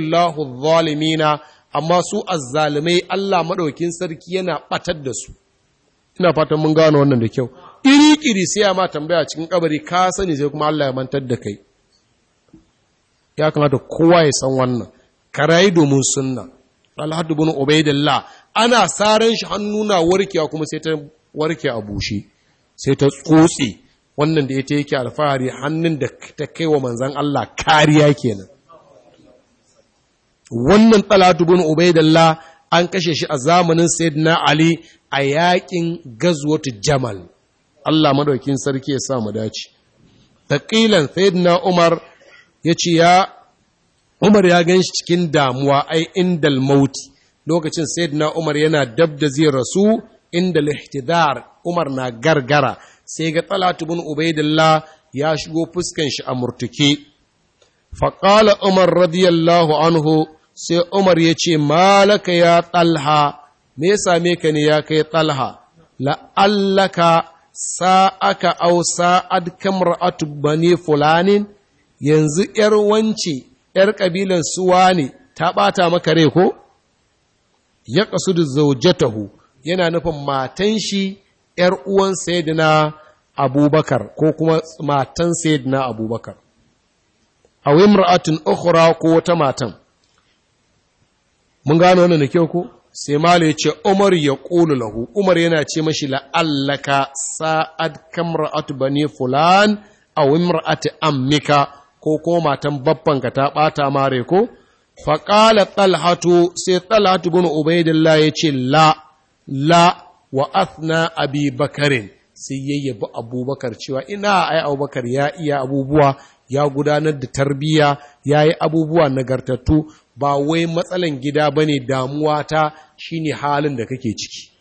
dhalimina amma su azzalimai Allah madaukin sarki yana batar da su ina fatan mun gano wannan da kyau iri kiri sai ma tambaya cikin kabari ka sani sai kuma Allah ya mantar da kai ya kamata kowa ya san wannan karayi domin sunna Talhadu bin Ubaidillah ana saran shi hannuna na warkewa kuma sai ta warke a bushe sai ta tsotse wannan da ita yake alfahari hannun da ta kai wa manzan Allah kariya kenan wannan talatu bin Ubaidallah an kashe shi a zamanin sayyidina ali a yakin gazwatu jamal Allah madaukin sarki ya sa mu dace taqilan sayyidina umar yace ya umar ya ganshi cikin damuwa ai indal mauti lokacin sayyidina umar yana dab da zai rasu inda ihtidar umar na gargara sai ga tsalatu bin ubaidillah ya shigo fuskan shi a murtuke faƙala umar radiyallahu anhu sai umar ya ce malaka ya talha me ya same ka ne ya kai talha la'allaka sa'aka au sa'ad kamra'atu bani fulanin yanzu ‘yar wance ‘yar ƙabilan suwa ne ta ɓata maka rai ko? Ya ƙasu da zaujatahu yana nufin matan shi ‘yar uwan Sayyidina Abubakar ko kuma matan Sayyidina Abubakar. A wimra'atin ukhra ko wata matan. Mun gano wannan da kyau ko? Sai Malu ya ce, Umar ya ƙulu lahu, Umar yana ce mashi la'allaka sa'ad kamra'atu bani fulan a wimra'ati ammika ko ko matan babbanka ta ɓata mare ko? Faƙala ɗalhatu sai ɗalhatu gunu ubaidullah ya ce, La, la, wa athna abi bakarin sai ya abubakar cewa ina ai abubakar ya iya abubuwa ya gudanar da tarbiyya ya yi abubuwa nagartattu ba wai matsalan gida ba ne damuwa ta shi ne halin da kake ciki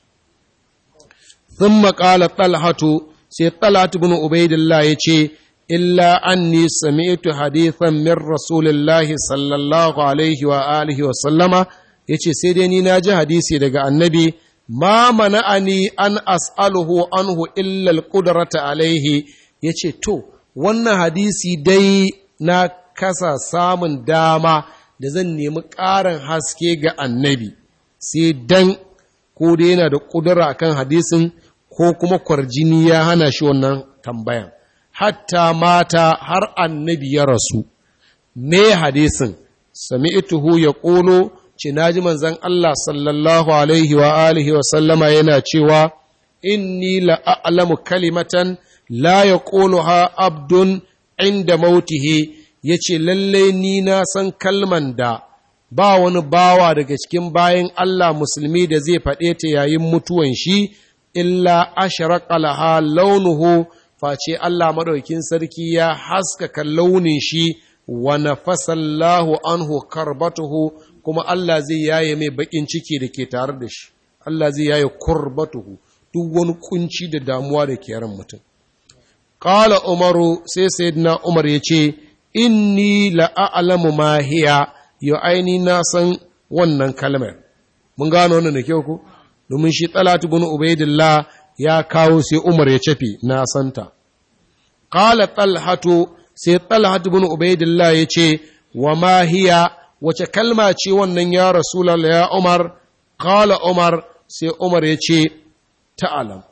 sun maƙala talhatu sai talhatu bin ubaidillah ya ce illa anni sami'tu hadithan min rasulillahi sallallahu alaihi wa alihi wa sallama yace sai dai ni na ji hadisi daga annabi ma mana'ani an as'aluhu anhu illa alqudrata alaihi yace to wannan hadisi dai na kasa samun dama da zan nemi ƙarin haske ga annabi sai dan ko dai yana da ƙudura kan hadisin ko kuma kwarjini ya hana shi wannan tambayan hatta mata har annabi ya rasu me hadisin sami'tuhu ya ƙolo ce ji manzan Allah sallallahu alaihi wa alihi wa sallama yana cewa in inni la'alamu kalimatan la yaquluha abdun inda mautihi ce lallai ni na san kalman da ba wani bawa daga cikin bayan Allah musulmi da zai faɗe ta yayin mutuwan shi illa ashraqa laha launuhu face Allah maɗaukin sarki ya haskaka launin shi wa fasallahu anhu karbatuhu kuma Allah zai yaye mai bakin ciki da ke tare da shi Allah zai yaye kurbatuhu duk wani kunci da damuwa da ke ran mutum Kala umaru sai sayyidina umar yace inni la mahiya ma hiya aini na san wannan kalmar mun gano wannan da kyau ko domin shi talat bin ubaidillah ya kawo sai umar ya cafi na santa qala talhatu sai talhatu ibn ubaidillah ce wa mahiya? wace kalma ce wannan ya rasulallah ya umar kala umar sai umar ya ce ta'alam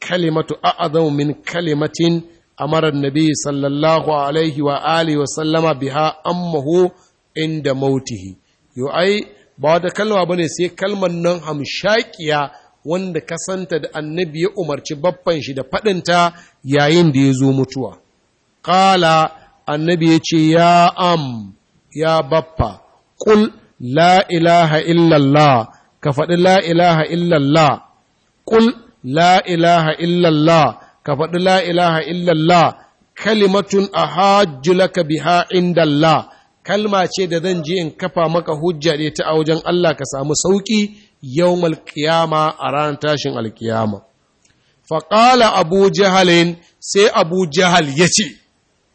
kalimatu a'azam min kalimatin amara nabi sallallahu alaihi wa alihi wa sallama biha ammahu inda mautihi yo ai ba wata kalma bane sai kalman nan hamshakiya wanda kasanta da annabi ya umarci babban shi da faɗinta yayin da ya zo mutuwa. Kala annabi ya ce, Ya am, ya baffa Kul la ilaha illallah ka faɗi la ilaha illallah ƙul la ilaha illallah ka faɗi la ilaha illallah kalimatun a indallah kalma ce da zan je in kafa maka hujja ne ta a wajen Allah ka samu sauƙi yau qiyama a ranar tashin alkiyama faƙala abu sai abu ya ce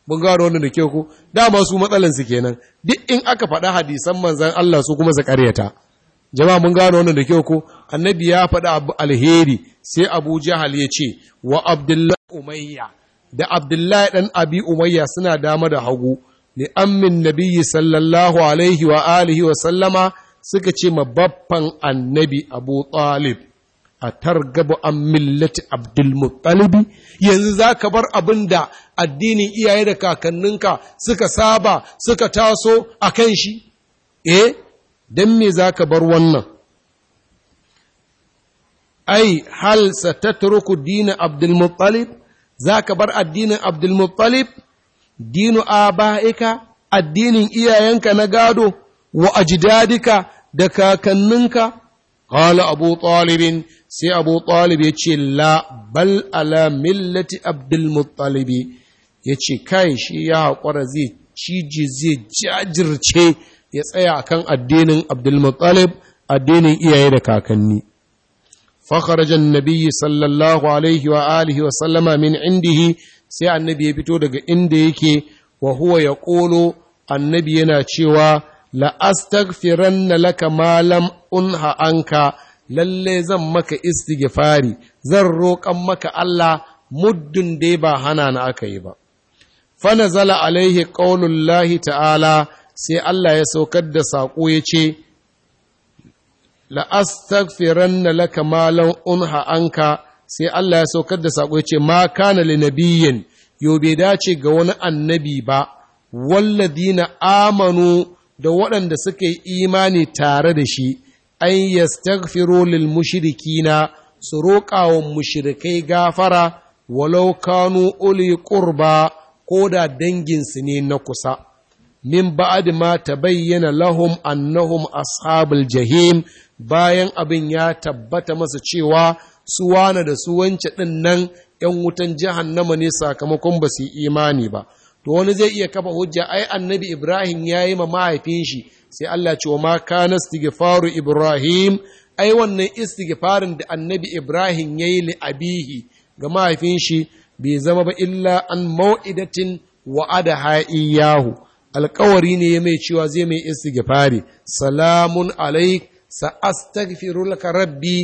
mun gano wannan da kyau ko dama su matsalan su kenan duk in aka faɗa hadisan manzan Allah su kuma su ƙaryata jama'a mun gano wannan da kyau ko annabi ya faɗa alheri sai Abu Jahal ya ce wa Abdullahi Umayya da Abdullahi dan Abi Umayya suna dama da hagu li ammin nabiyyi sallallahu alaihi wa alihi wa sallama suka ce ma baffan annabi Abu Talib a targaba an millati abdulmuttalibi yanzu za ka bar abin da addinin iyaye da kakanninka suka saba suka taso a kan shi eh don me za ka bar wannan ai hal satatruku dina abdulmuttalib za ka bar addinin abdulmuttalib dinu aba'ika addinin iyayenka na gado wa ajdadika da kakanninka قال أبو طالب sai abu talib ya ce la bal ala millati ya ce kai shi ya haƙura zai ciji zai jajirce ya tsaya akan addinin Abdul abdulmuttalib addinin iyaye da kakanni fakharajan nabiyyi sallallahu alaihi wa alihi wa sallama min indihi sai annabi ya fito daga inda yake wa huwa ya ƙolo annabi yana cewa la astaghfiranna laka ma lam unha anka lalle zan maka istighfari zan roƙan maka Allah muddin da ba hana na aka yi ba fa nazala alaihi qaulullahi ta'ala sai Allah ya saukar da saƙo ya ce la astaghfiranna laka ma unha anka sai Allah ya saukar da saƙo ya ce ma kana li nabiyyin bai dace ga wani annabi ba walladina amanu da waɗanda suka yi imani tare da shi an yastaghfiru lil mushrikina su roƙa wa mushrikai gafara walau kanu uli qurba ko da danginsu ne na kusa min ba'ad ma bayyana lahum annahum ashabul jahim bayan abin ya tabbata masa cewa su wana da su wance ɗin nan ‘yan wutan jahannama ne sakamakon ba su yi imani ba, to wani zai iya kafa hujja ai annabi Ibrahim ya yi ma mahaifin shi sai Allah ce wa ma kana istighfaru Ibrahim ai wannan istighfarin da annabi Ibrahim yayi li abihi ga mahaifin shi bai zama ba illa an mau'idatin wa'ada ha'iyahu alkawari ne ya mai cewa zai mai istighfari salamun alaik sa astaghfirulka rabbi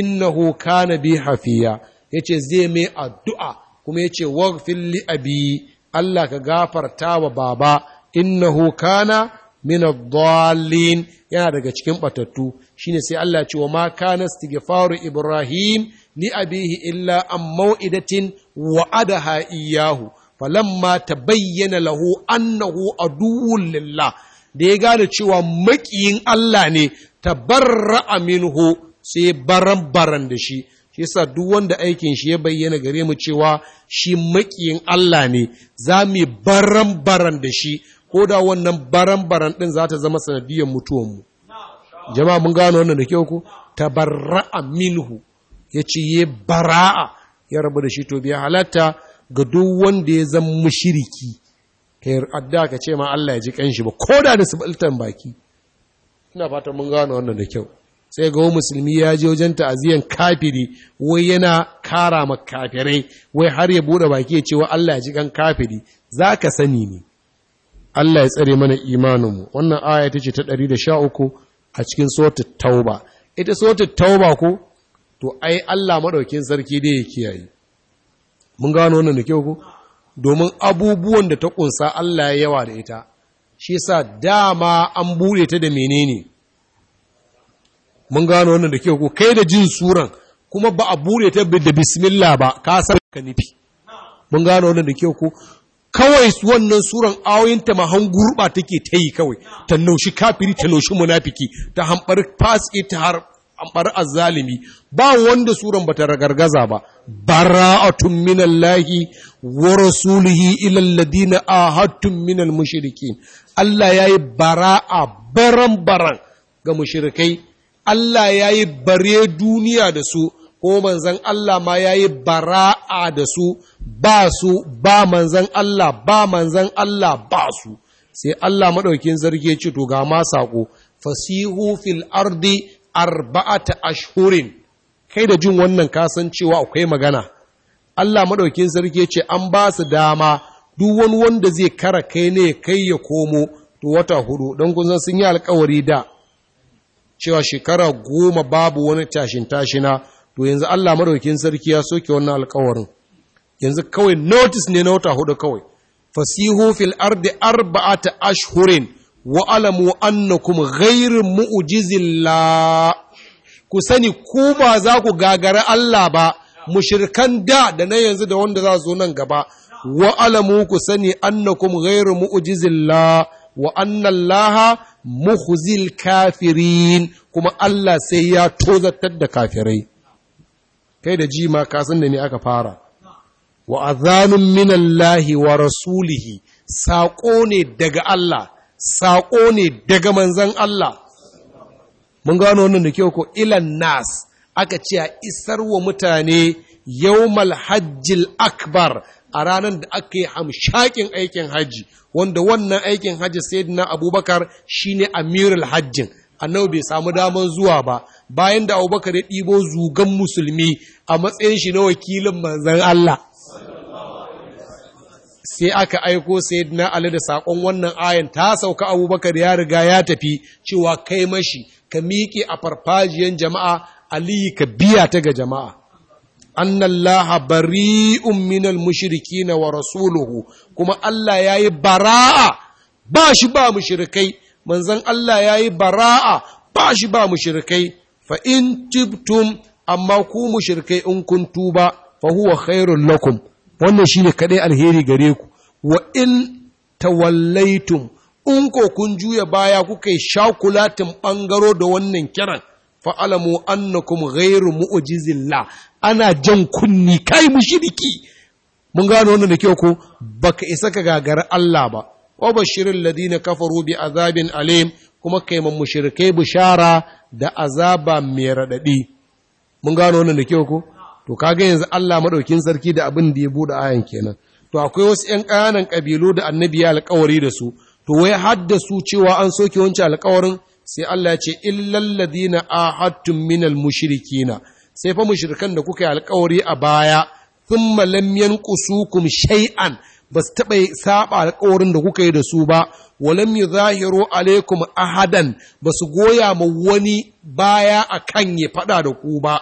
innahu kana bi hafiya yace zai mai addu'a kuma yace waghfir li abi Allah ka gafarta wa baba innahu kana min yana daga cikin batattu shine sai Allah ce wa ma kana istighfaru ibrahim ni abihi illa an mau'idatin wa'adaha iyyahu falamma tabayyana lahu annahu aduwwun lillah da ya gane cewa makiyin Allah ne ta tabarra'a minhu sai baran baran da shi shi yasa duk wanda aikin shi ya bayyana gare mu cewa shi makiyin Allah ne za mu baran baran da shi ko da wannan baran-baran ɗin za ta zama sanadiyar mutuwanmu jama'a mun gano wannan da kyau ku Ta minhu ya ce ya bara'a ya rabu da shi to biya halatta ga duk wanda ya zama mushiriki ka yi adda ka ce ma Allah ya ji shi ba ko da da subaltan baki ina fatan mun gano wannan da kyau sai ga musulmi ya je wajen ta'aziyan kafiri wai yana kara ma kafirai wai har ya bude baki ya ce wa Allah ya ji kan kafiri zaka sani ne Allah ya tsare mana imaninmu wannan aya ta ce ta 113 a cikin suratul tauba ita suratul tauba ko to ai Allah madaukin sarki dai ya kiyaye mun gano wannan da kyau ko domin abubuwan da ta kunsa Allah ya yawa da ita shi yasa dama an bude ta da menene mun gano wannan da kyau ko kai da jin suran kuma ba a bude ta da bismillah ba ka san ka nufi mun gano wannan da kyau ko kawai wannan suran ta mahan gurba take ta yi kawai ta noshi kafiri ta noshi munafiki ta hambar fasi ta har hambar azzalimi ba wanda suran bata ragargaza ba bara'atun minallahi wa rasulihi ila alladina ahadtum minal mushrikin Allah yayi bara'a baran baran ga mushrikai Allah yayi bare duniya da su ko manzan Allah ma ya yi bara'a da su ba su ba manzan Allah ba manzan Allah ba su sai Allah maɗaukin zarge ce to ga masa saƙo fasihu fil ardi arba'ata ashhurin kai da jin wannan kasancewa akwai magana Allah maɗaukin zarge ce an ba su dama duk wani wanda zai kara kai ne kai ya komo to wata hudu don kun sun yi alkawari da cewa shekara goma babu wani tashin tashina to yanzu Allah madaukin sarki ya soke wannan alkawarin yanzu kawai notice ne na wata hudu kawai fasihu fil ardi arba'ata ashhurin wa alamu annakum ghairu mu'jizillah ku sani ku ba za ku gagara Allah ba mushirikan da da na yanzu da wanda za zo nan gaba wa alamu ku sani annakum ghairu mu'jizillah wa annallaha muhzil kafirin kuma Allah sai ya tozatar da kafirai kai da ji ma kasan da ne aka fara wa azanun minallahi wa rasulihi saƙo ne daga Allah saƙo ne daga manzan Allah mun gano wannan da kyau ko ilan nas aka ce a isar wa mutane yawmal hajjil akbar a ranar da aka yi hamshakin aikin hajji wanda wannan aikin hajji sayyidina abubakar shine amirul hajjin annabi bai samu damar zuwa ba bayan da abubakar ya ɗibo zugan musulmi a matsayin shi na wakilin manzan Allah sai aka aiko sayyidina Ali da saƙon wannan ayan ta sauka abubakar ya riga ya tafi cewa kai mashi ka miƙe a farfajiyan jama'a aliyu ka biya ta ga jama'a annallaha bari'un minal mushrikina wa rasuluhu kuma Allah yayi bara'a ba shi ba mushrikai manzon Allah ya yi bara'a ba shi ba mushrikai fa in tibtum amma ku shirkai in kun tuba fa huwa khairun lakum wannan ne kaɗai alheri gare ku wa in tawallaitum in ko kun juya baya kuka yi shakulatin ɓangaro da wannan kiran fa'alamu annakum ghairu mu'jizillah ana jan kunni kai mushriki mun gano wannan da kyau ko baka isa ka gagara Allah ba wa shirin ladina kafaru bi azabin alim kuma kaiman mushrikai bishara da azaba mai radadi mun gano wannan da kyau ko to kaga yanzu Allah madaukin sarki da abin da ya bude ayan kenan to akwai wasu ƴan ƙananan kabilu da annabi ya alƙawari da su to wai haddasu cewa an soke wancan alƙawarin sai Allah ya ce illal ladina ahadtum minal mushrikina sai fa mushrikan da kuka yi alƙawari a baya thumma lam yanqusukum shay'an ba su taɓa saɓa alƙawarin da kuka yi da su ba walam yi zahiro alaikum ahadan ba su goya ma wani baya a kan ya faɗa da ku ba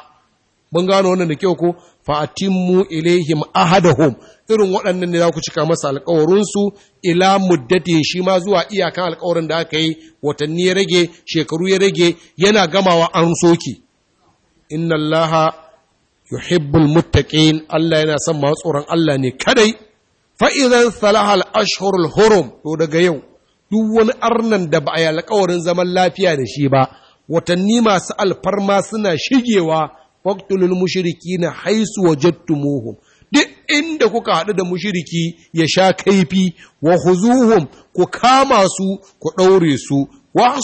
mun gano wannan da kyau ko fa'atimmu ilaihim ahadahum irin waɗannan ne za ku cika masa alƙawarinsu ila muddatin shi ma zuwa iyakan alƙawarin da aka yi watanni ya rage shekaru ya rage yana gamawa an soki inna allaha yuhibbul muttaqin Allah yana son masu tsoron Allah ne kadai fa'izan salaha ashhurul hurum to daga yau duk wani arnan da ba a yi alkawarin zaman lafiya da shi ba watanni masu alfarma suna shigewa waktulul mushiriki na haisu wa jattumuhum duk inda kuka haɗu da mushiriki ya sha kaifi wa huzuhum ku kama su ku ɗaure su wa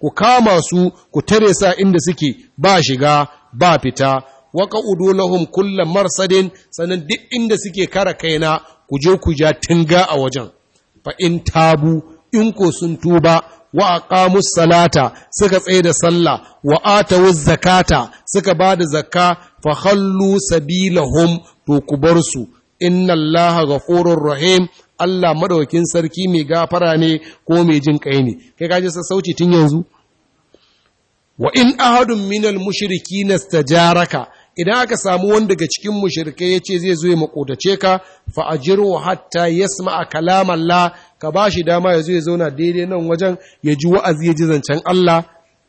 ku kama su ku tare sa inda suke ba shiga ba fita waka udu lahum kulla marsadin sannan duk inda suke kara kaina ku je ku ja tinga a wajen fa in tabu in ko sun tuba wa aqamu salata suka tsaye da sallah wa atawu zakata suka ba da zakka fa khallu sabilahum to ku bar su inna allaha ghafurur rahim Allah madaukin sarki mai gafara ne ko mai jin kai ne kai kaje sassauci tun yanzu wa in ahadun minal mushriki nastajaraka idan aka samu wanda daga cikin ya ce zai zo ya makotace ka fa ajiru hatta yasma'a a kalamalla ka ba shi dama ya zo ya zauna daidai nan wajen ya ji wa'azi ya ji zancen Allah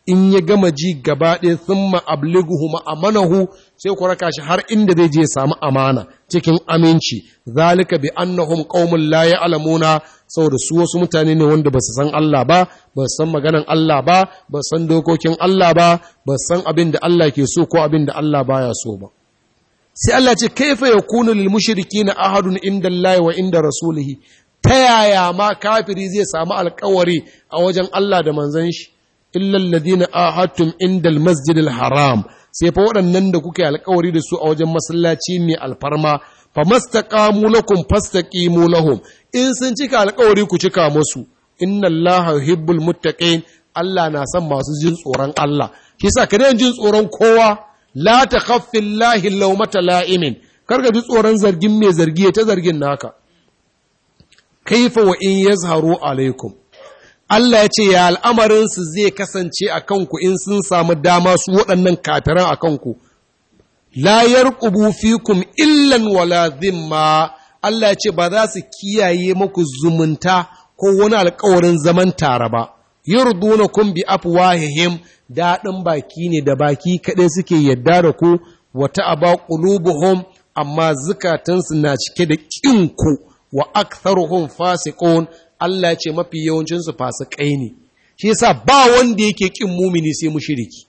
in ya gama ji gaba ɗaya sun ma'abliguhu ma'amanahu sai ku raka shi har inda zai je samu amana cikin aminci zalika bi annahum qaumun la ya'lamuna saboda su wasu mutane ne wanda ba su san Allah ba ba su san maganan Allah ba ba su san dokokin Allah ba ba su san abin da Allah ke so ko abin da Allah baya so ba sai Allah ce kaifa yakunu lil na ahadun inda Allah wa inda rasulihi ta yaya ma kafiri zai samu alkawari a wajen Allah da manzon shi illal ladina ahadtum indal masjidil haram sai fa waɗannan da kuke alƙawari da su a wajen masallaci mai alfarma fa mastaqamu lakum fastaqimu lahum in sun cika alkawari ku cika musu inna allaha yuhibbul muttaqin Allah na san masu jin tsoron Allah shi yasa ka jin tsoron kowa la takhaffillahi lawmata la'imin karka ji tsoron zargin mai zargi ta zargin naka kaifa wa in yazharu alaikum Allah ya ce ya al'amarinsu zai kasance a kanku in sun samu dama su waɗannan kataran a kanku, la yarqubu fikum illan wala zimma Allah ya ce ba za su kiyaye maku zumunta ko wani alkawarin zaman tare ba, kun bi afwahihim daɗin baki ne da baki kaɗai suke yadda da ku wata aba qulubuhum amma zukatansu na cike da ƙinku wa aktharuhum fasikon. Allah ya ce mafi yawancinsu fasikai ne shi yasa ba wanda yake kin mumini sai mushiriki,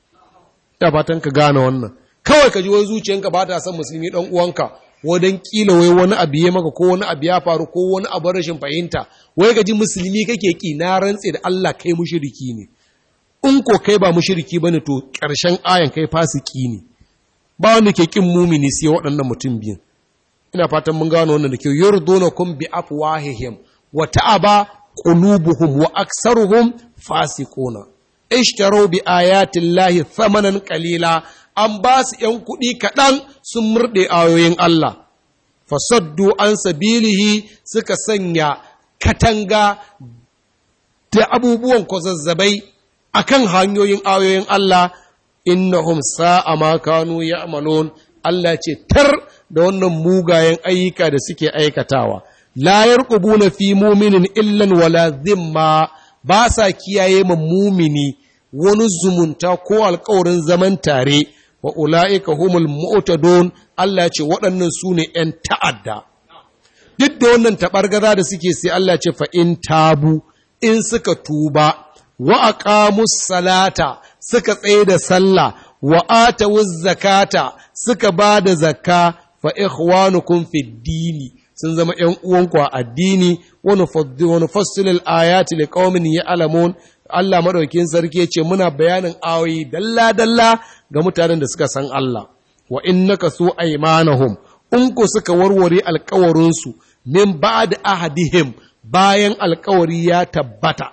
ta fatan ka gane wannan kawai ka ji wani zuciyanka ba ta son musulmi dan uwanka wadan kila wai wani abu ya maka ko wani abu ya faru ko wani abu rashin fahimta wai ka ji musulmi kake ki na rantse da Allah kai mushiriki ne in ko kai ba mushriki bane to ƙarshen ayan kai fasiki ne ba wanda ke kin mumini sai waɗannan mutum biyan ina fatan mun gano wannan da kyau yurdunakum bi afwahihim wa ta'aba qulubuhum wa aktsaruhum fasiquna ishtaraw bi ayati llahi thamanan qalila an basu ‘yan kuɗi kaɗan sun murɗe ayoyin Allah, fasaddu an sabilihi suka sanya katanga da abubuwan kwazazzabai akan hanyoyin ayoyin Allah, innahum sa'a ma kanu ya Allah ce tar da wannan mugayen ayyuka da suke aikatawa. la na fi mu'minin illan wala zimma ba sa kiyaye ma mumini wani zumunta ko alkawarin zaman tare wa ula'ika humul mu'tadun Allah ce waɗannan su ne ‘yan ta'adda. Duk da wannan taɓargaza da suke sai Allah ce fa'in tabu in suka tuba, wa aqamus salata suka tsaye da sallah, wa atawuz zakata suka ba da zakka fa ikhwanukum fid dini sun zama ‘yan uwanku a addini wani fassilil ayati da ƙaumin ya alamun Allah maɗaukin sarki ce muna bayanin awayi dalla-dalla ga mutanen da suka san Allah wa in naka so aimanahum in ku suka warware alkawarinsu min ba da ahadihim bayan alkawari ya tabbata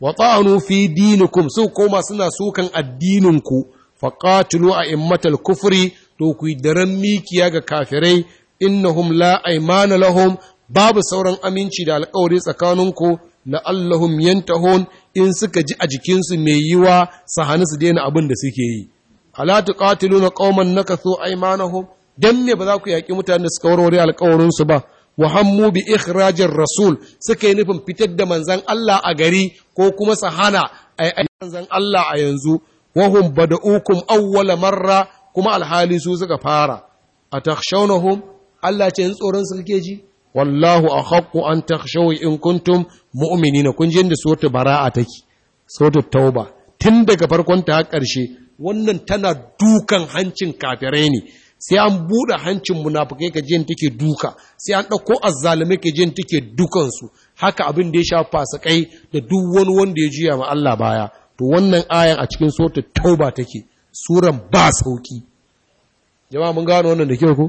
wa ta'anu fi dinikum su koma suna sukan addininku faƙatulu a immatal kufuri, to ku daren mikiya ga kafirai innahum la aymana lahum babu sauran aminci da alƙawari tsakaninku la'allahum yantahun in suka ji a jikinsu mai yiwa sahani su daina abin da suke yi ala na qauman nakathu aymanahum dan me ba za ku yaki mutanen da suka warware alƙawarin su ba wa hammu bi ikhrajir rasul suka yi nufin fitar da manzan Allah a gari ko kuma sahana ay ai manzan Allah a yanzu wa hum bada'ukum awwala marra kuma alhali su suka fara atakhshawnahum Allah ce in tsoron su kake ji wallahu ahaqqu an takhshaw in kuntum mu'minina kun ji inda suratul bara'a take suratul tauba tun daga farkon ta karshe wannan tana dukan hancin kafirai ne sai an buɗe hancin munafukai ka jin take duka sai an ɗauko azzalumai ka jin take dukansu haka abin da ya sha fasakai da duk wani wanda ya juya ma Allah baya to wannan ayan a cikin sota tauba take suran ba sauki jama'a mun gano wannan da kyau ko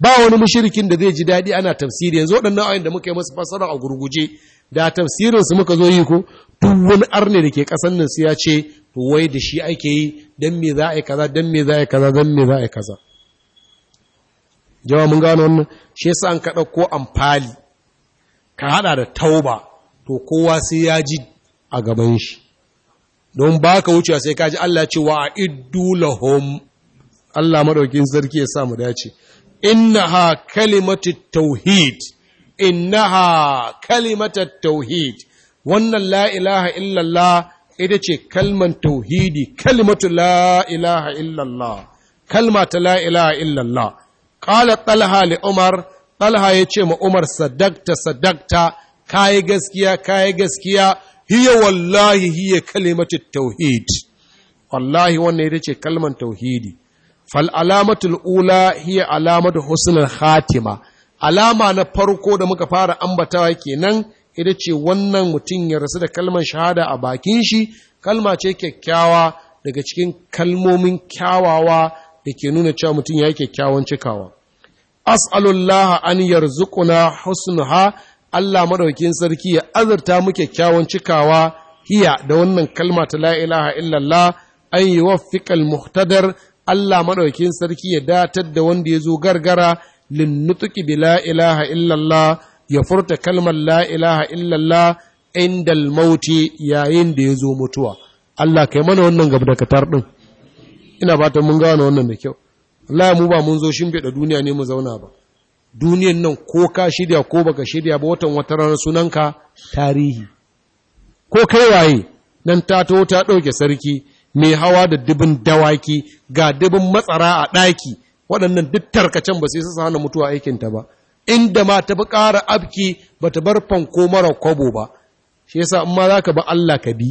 ba wani mushirikin da zai ji daɗi ana tafsiri yanzu waɗannan ayin da muka yi masu fasara a gurguje da tafsirin muka zo yi ko duk wani arne da ke ƙasan nan su ya ce wai da shi ake yi dan me za a yi kaza dan me za a yi kaza dan me za a yi kaza jawa mun gano wannan shi yasa an ka ɗauko amfali ka haɗa da tauba to kowa sai ya ji a gaban shi don ba ka wucewa sai ka ji Allah ce wa a iddu lahum Allah madaukin sarki ya sa mu dace innaha kalimatu tauhid innaha kalimata tauhid wannan la ilaha illallah ita ce kalman tauhidi kalimatu la ilaha illallah kalma ta la ilaha illallah qala talha li umar talha yace ma umar sadakta sadakta Kayi gaskiya kai gaskiya hiya wallahi hiya kalimatu tauhid wallahi wannan ita ce kalman tauhidi fal alamatul ula hiya alamatu husnul khatima alama na farko da muka fara ambatawa kenan ita ce wannan mutum ya rasu da kalmar shahada a bakin shi kalma ce kyakkyawa daga cikin kalmomin kyawawa da ke nuna cewa mutum ya yi kyakkyawan cikawa as'alullah an yarzuquna husnuha, Allah madaukakin sarki ya azurta mu kyakkyawan cikawa hiya da wannan kalma ta la ilaha illallah an yuwaffiqal muhtadar Allah maɗaukin sarki ya datar da wanda ya zo gargara linnutuki bi la illallah ya furta kalmar la illallah inda mauti yayin da ya zo mutuwa Allah kai mana wannan gaba dakatar ɗin ina ta mun gane wannan da kyau Allah mu ba mun zo shimfiɗa duniya ne mu zauna ba duniyan nan ko ka shirya ko baka shirya ba watan wata ranar sunanka tarihi ko kai waye nan ta to ta ɗauke sarki mai hawa da dubin dawaki ga dubin matsara a ɗaki waɗannan duk tarkacen ba sai su hana mutuwa aikinta ba inda ma ta fi ƙara abki ba ta bar fanko mara kwabo ba shi yasa in ma za ka ba Allah ka bi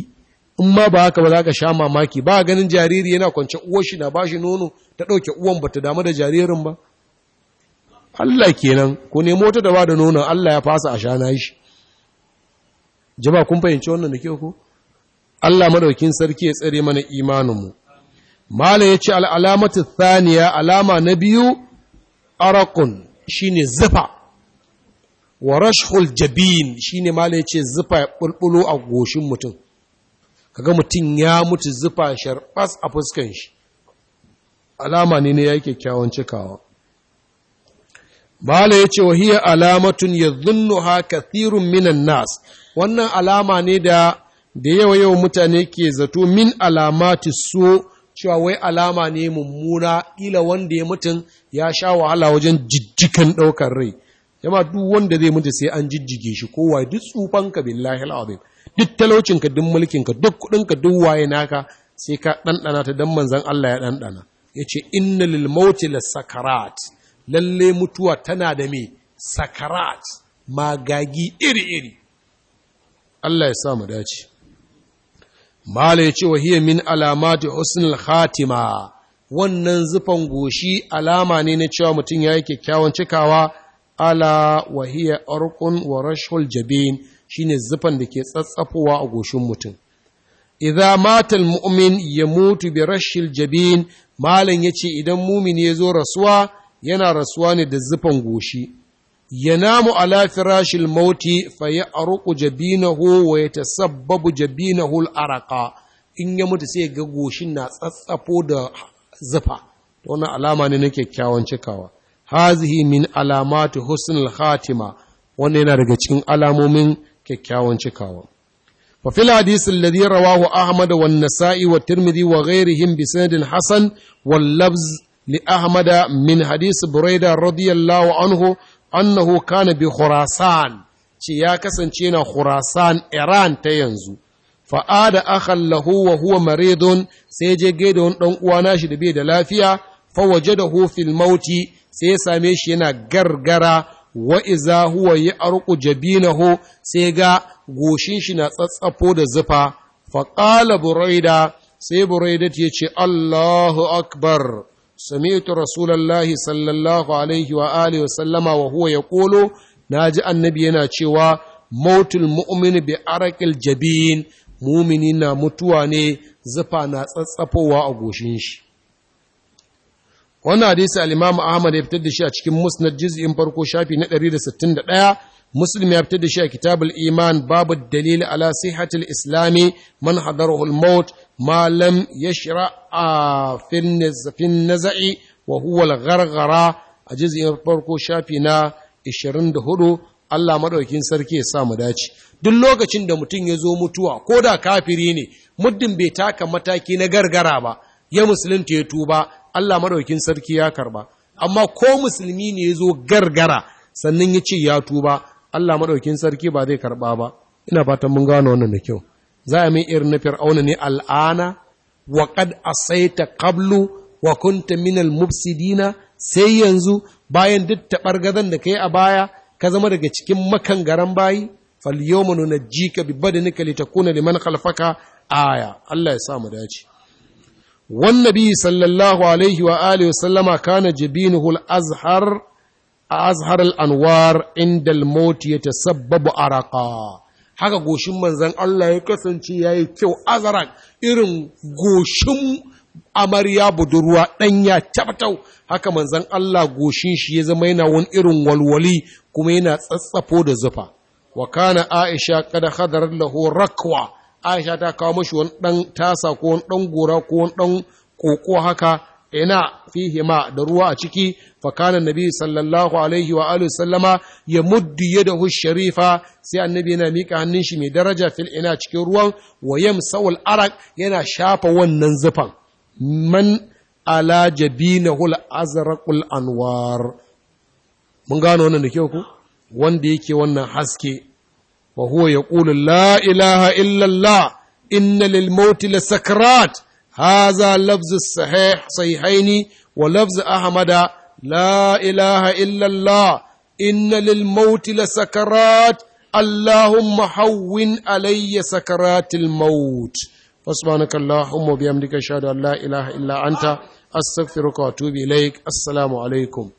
in ma ba haka ba za ka sha mamaki ba ganin jariri yana kwance uwar shi na bashi nono ta ɗauke uwan ba ta damu da jaririn ba Allah kenan ku nemo ta da ba da nonon Allah ya fasa a sha na shi jaba kun fahimci wannan da ke ku Allah madaukin sarki ya tsare mana imaninmu mala yace al'alamatu thaniya alama na biyu arakun shine zufa wa rashhul jabin shine mala yace zufa ya bulbulo a goshin mutum kaga mutum ya mutu zufa sharbas a fuskan shi alama ne ne yake kyawun cikawa mala ya ce wa hiya alamatun ya zunnuha kathirun minan nas, wannan alama ne da da yawa yawa mutane ke zato min alamati so cewa wai alama ne mummuna ila wanda ya mutum ya sha wahala wajen jijjikan ɗaukar rai yamma duk wanda zai mutu sai an jijjige shi kowa duk tsufanka billahi alazim duk talaucinka duk mulkinka duk kudinka duk waye naka sai ka ɗanɗana ta dan manzon Allah ya ɗanɗana yace inna lil mauti sakarat lalle mutuwa tana da mai sakarat magagi iri iri Allah ya sa mu dace mala ya ce wa hiya min alamati husnul khatima wannan zufan goshi alama ne na cewa mutum ya yi kyakkyawan cikawa ala wa hiya wa rashul jabin shine zufan da ke tsatsafowa a goshin mutum idza mumin ya yamutu bi rashil jabin malan yace idan mumin ya zo rasuwa yana rasuwa ne da zufan goshi ينام على فراش الموت فيأرق جبينه ويتسبب جبينه الأرقى in ya mutu sai ya ga goshin na tsatsafo da zufa ta wani alama ne na kyakkyawan cikawa hazihi min alamatu husnul khatima wani yana daga cikin alamomin kyakkyawan cikawa fa fil hadith alladhi rawahu ahmad wa an-nasa'i wa tirmidhi wa ghayrihim bi sanadin hasan wal labz ahmad min hadith burayda radiyallahu anhu annahu kana bi khurasan ce ya kasance na khurasan iran ta yanzu fa'ada akhan lahu wa huwa maridun sai je gaida wani dan uwa nashi da bai da lafiya fa wajadahu fil mauti sai ya same shi yana gargara wa iza huwa ya arku jabinahu sai ga goshin shi na tsatsafo da zufa fa qala buraida sai buraida ce Allahu akbar sami'tu rasulullahi sallallahu alaihi wa wa sallama wa huwa yaqulu naji annabi yana cewa mautul mu'min bi araqil jabin mumini na mutuwa ne zufa na tsatsafowa a goshin shi wannan hadisi al-Imam Ahmad ya fitar da shi a cikin Musnad juz'in farko shafi na ɗari da da ɗaya, Muslim ya fitar da shi a Kitabul Iman babu dalil ala sihhatil islami man malam ya shira a fin naza'i wa huwal gargara a jizgin farko shafi na da hudu, Allah maɗaukin sarki ya sa mu dace duk lokacin da mutum ya zo mutuwa ko da kafiri ne muddin bai taka mataki na gargara ba ya musulunta ya tuba Allah maɗaukin sarki ya karba amma ko musulmi ne ya zo gargara sannan ya ce ya tuba Allah maɗaukin sarki ba zai karɓa ba ina fatan mun gano wannan da kyau za a mai irin na fir'auna ne al'ana wa asaita qablu wa kunta minal mubsidina sai yanzu bayan duk gadon da kai a baya ka zama daga cikin makangaran bayi fal yawma nunajjika bi badanika litakuna liman khalfaka aya Allah ya sa mu dace والنبي صلى الله عليه وآله وسلم كان جبينه الأزهر أزهر الأنوار عند الموت يتسبب عرقا haka goshin manzan Allah ya kasance ya yi kyau azarak irin goshin amarya budurwa ɗanya tabtau haka manzan Allah goshin shi ya zama yana wani irin walwali kuma yana tsatsafo da zufa wa kana aisha kada hadarar lahu rakwa aisha ta kawo mashi wani ɗan tasa ko wani ɗan gora ko wani ɗan koko haka ina fihi ma da ruwa a ciki fakanan nabi sallallahu alaihi wa alihi sallama ya muddu yadahu sharifa sai annabi yana mika hannun shi mai daraja fil ina cikin ruwan wa yamsawul arak yana shafa wannan zufan man ala jabinahul azraqul anwar mun gano wannan da kyau ku wanda yake wannan haske wa huwa yaqulu la ilaha illa allah inna lil mauti la haza lafzu sahih sahihaini wa lafzu ahmada la ilaha illallah inna lil mauti la sakarat allahumma hawwin alayya sakaratil maut فسبحانك اللهم وبحمدك اشهد ان لا اله الا انت استغفرك واتوب اليك السلام عليكم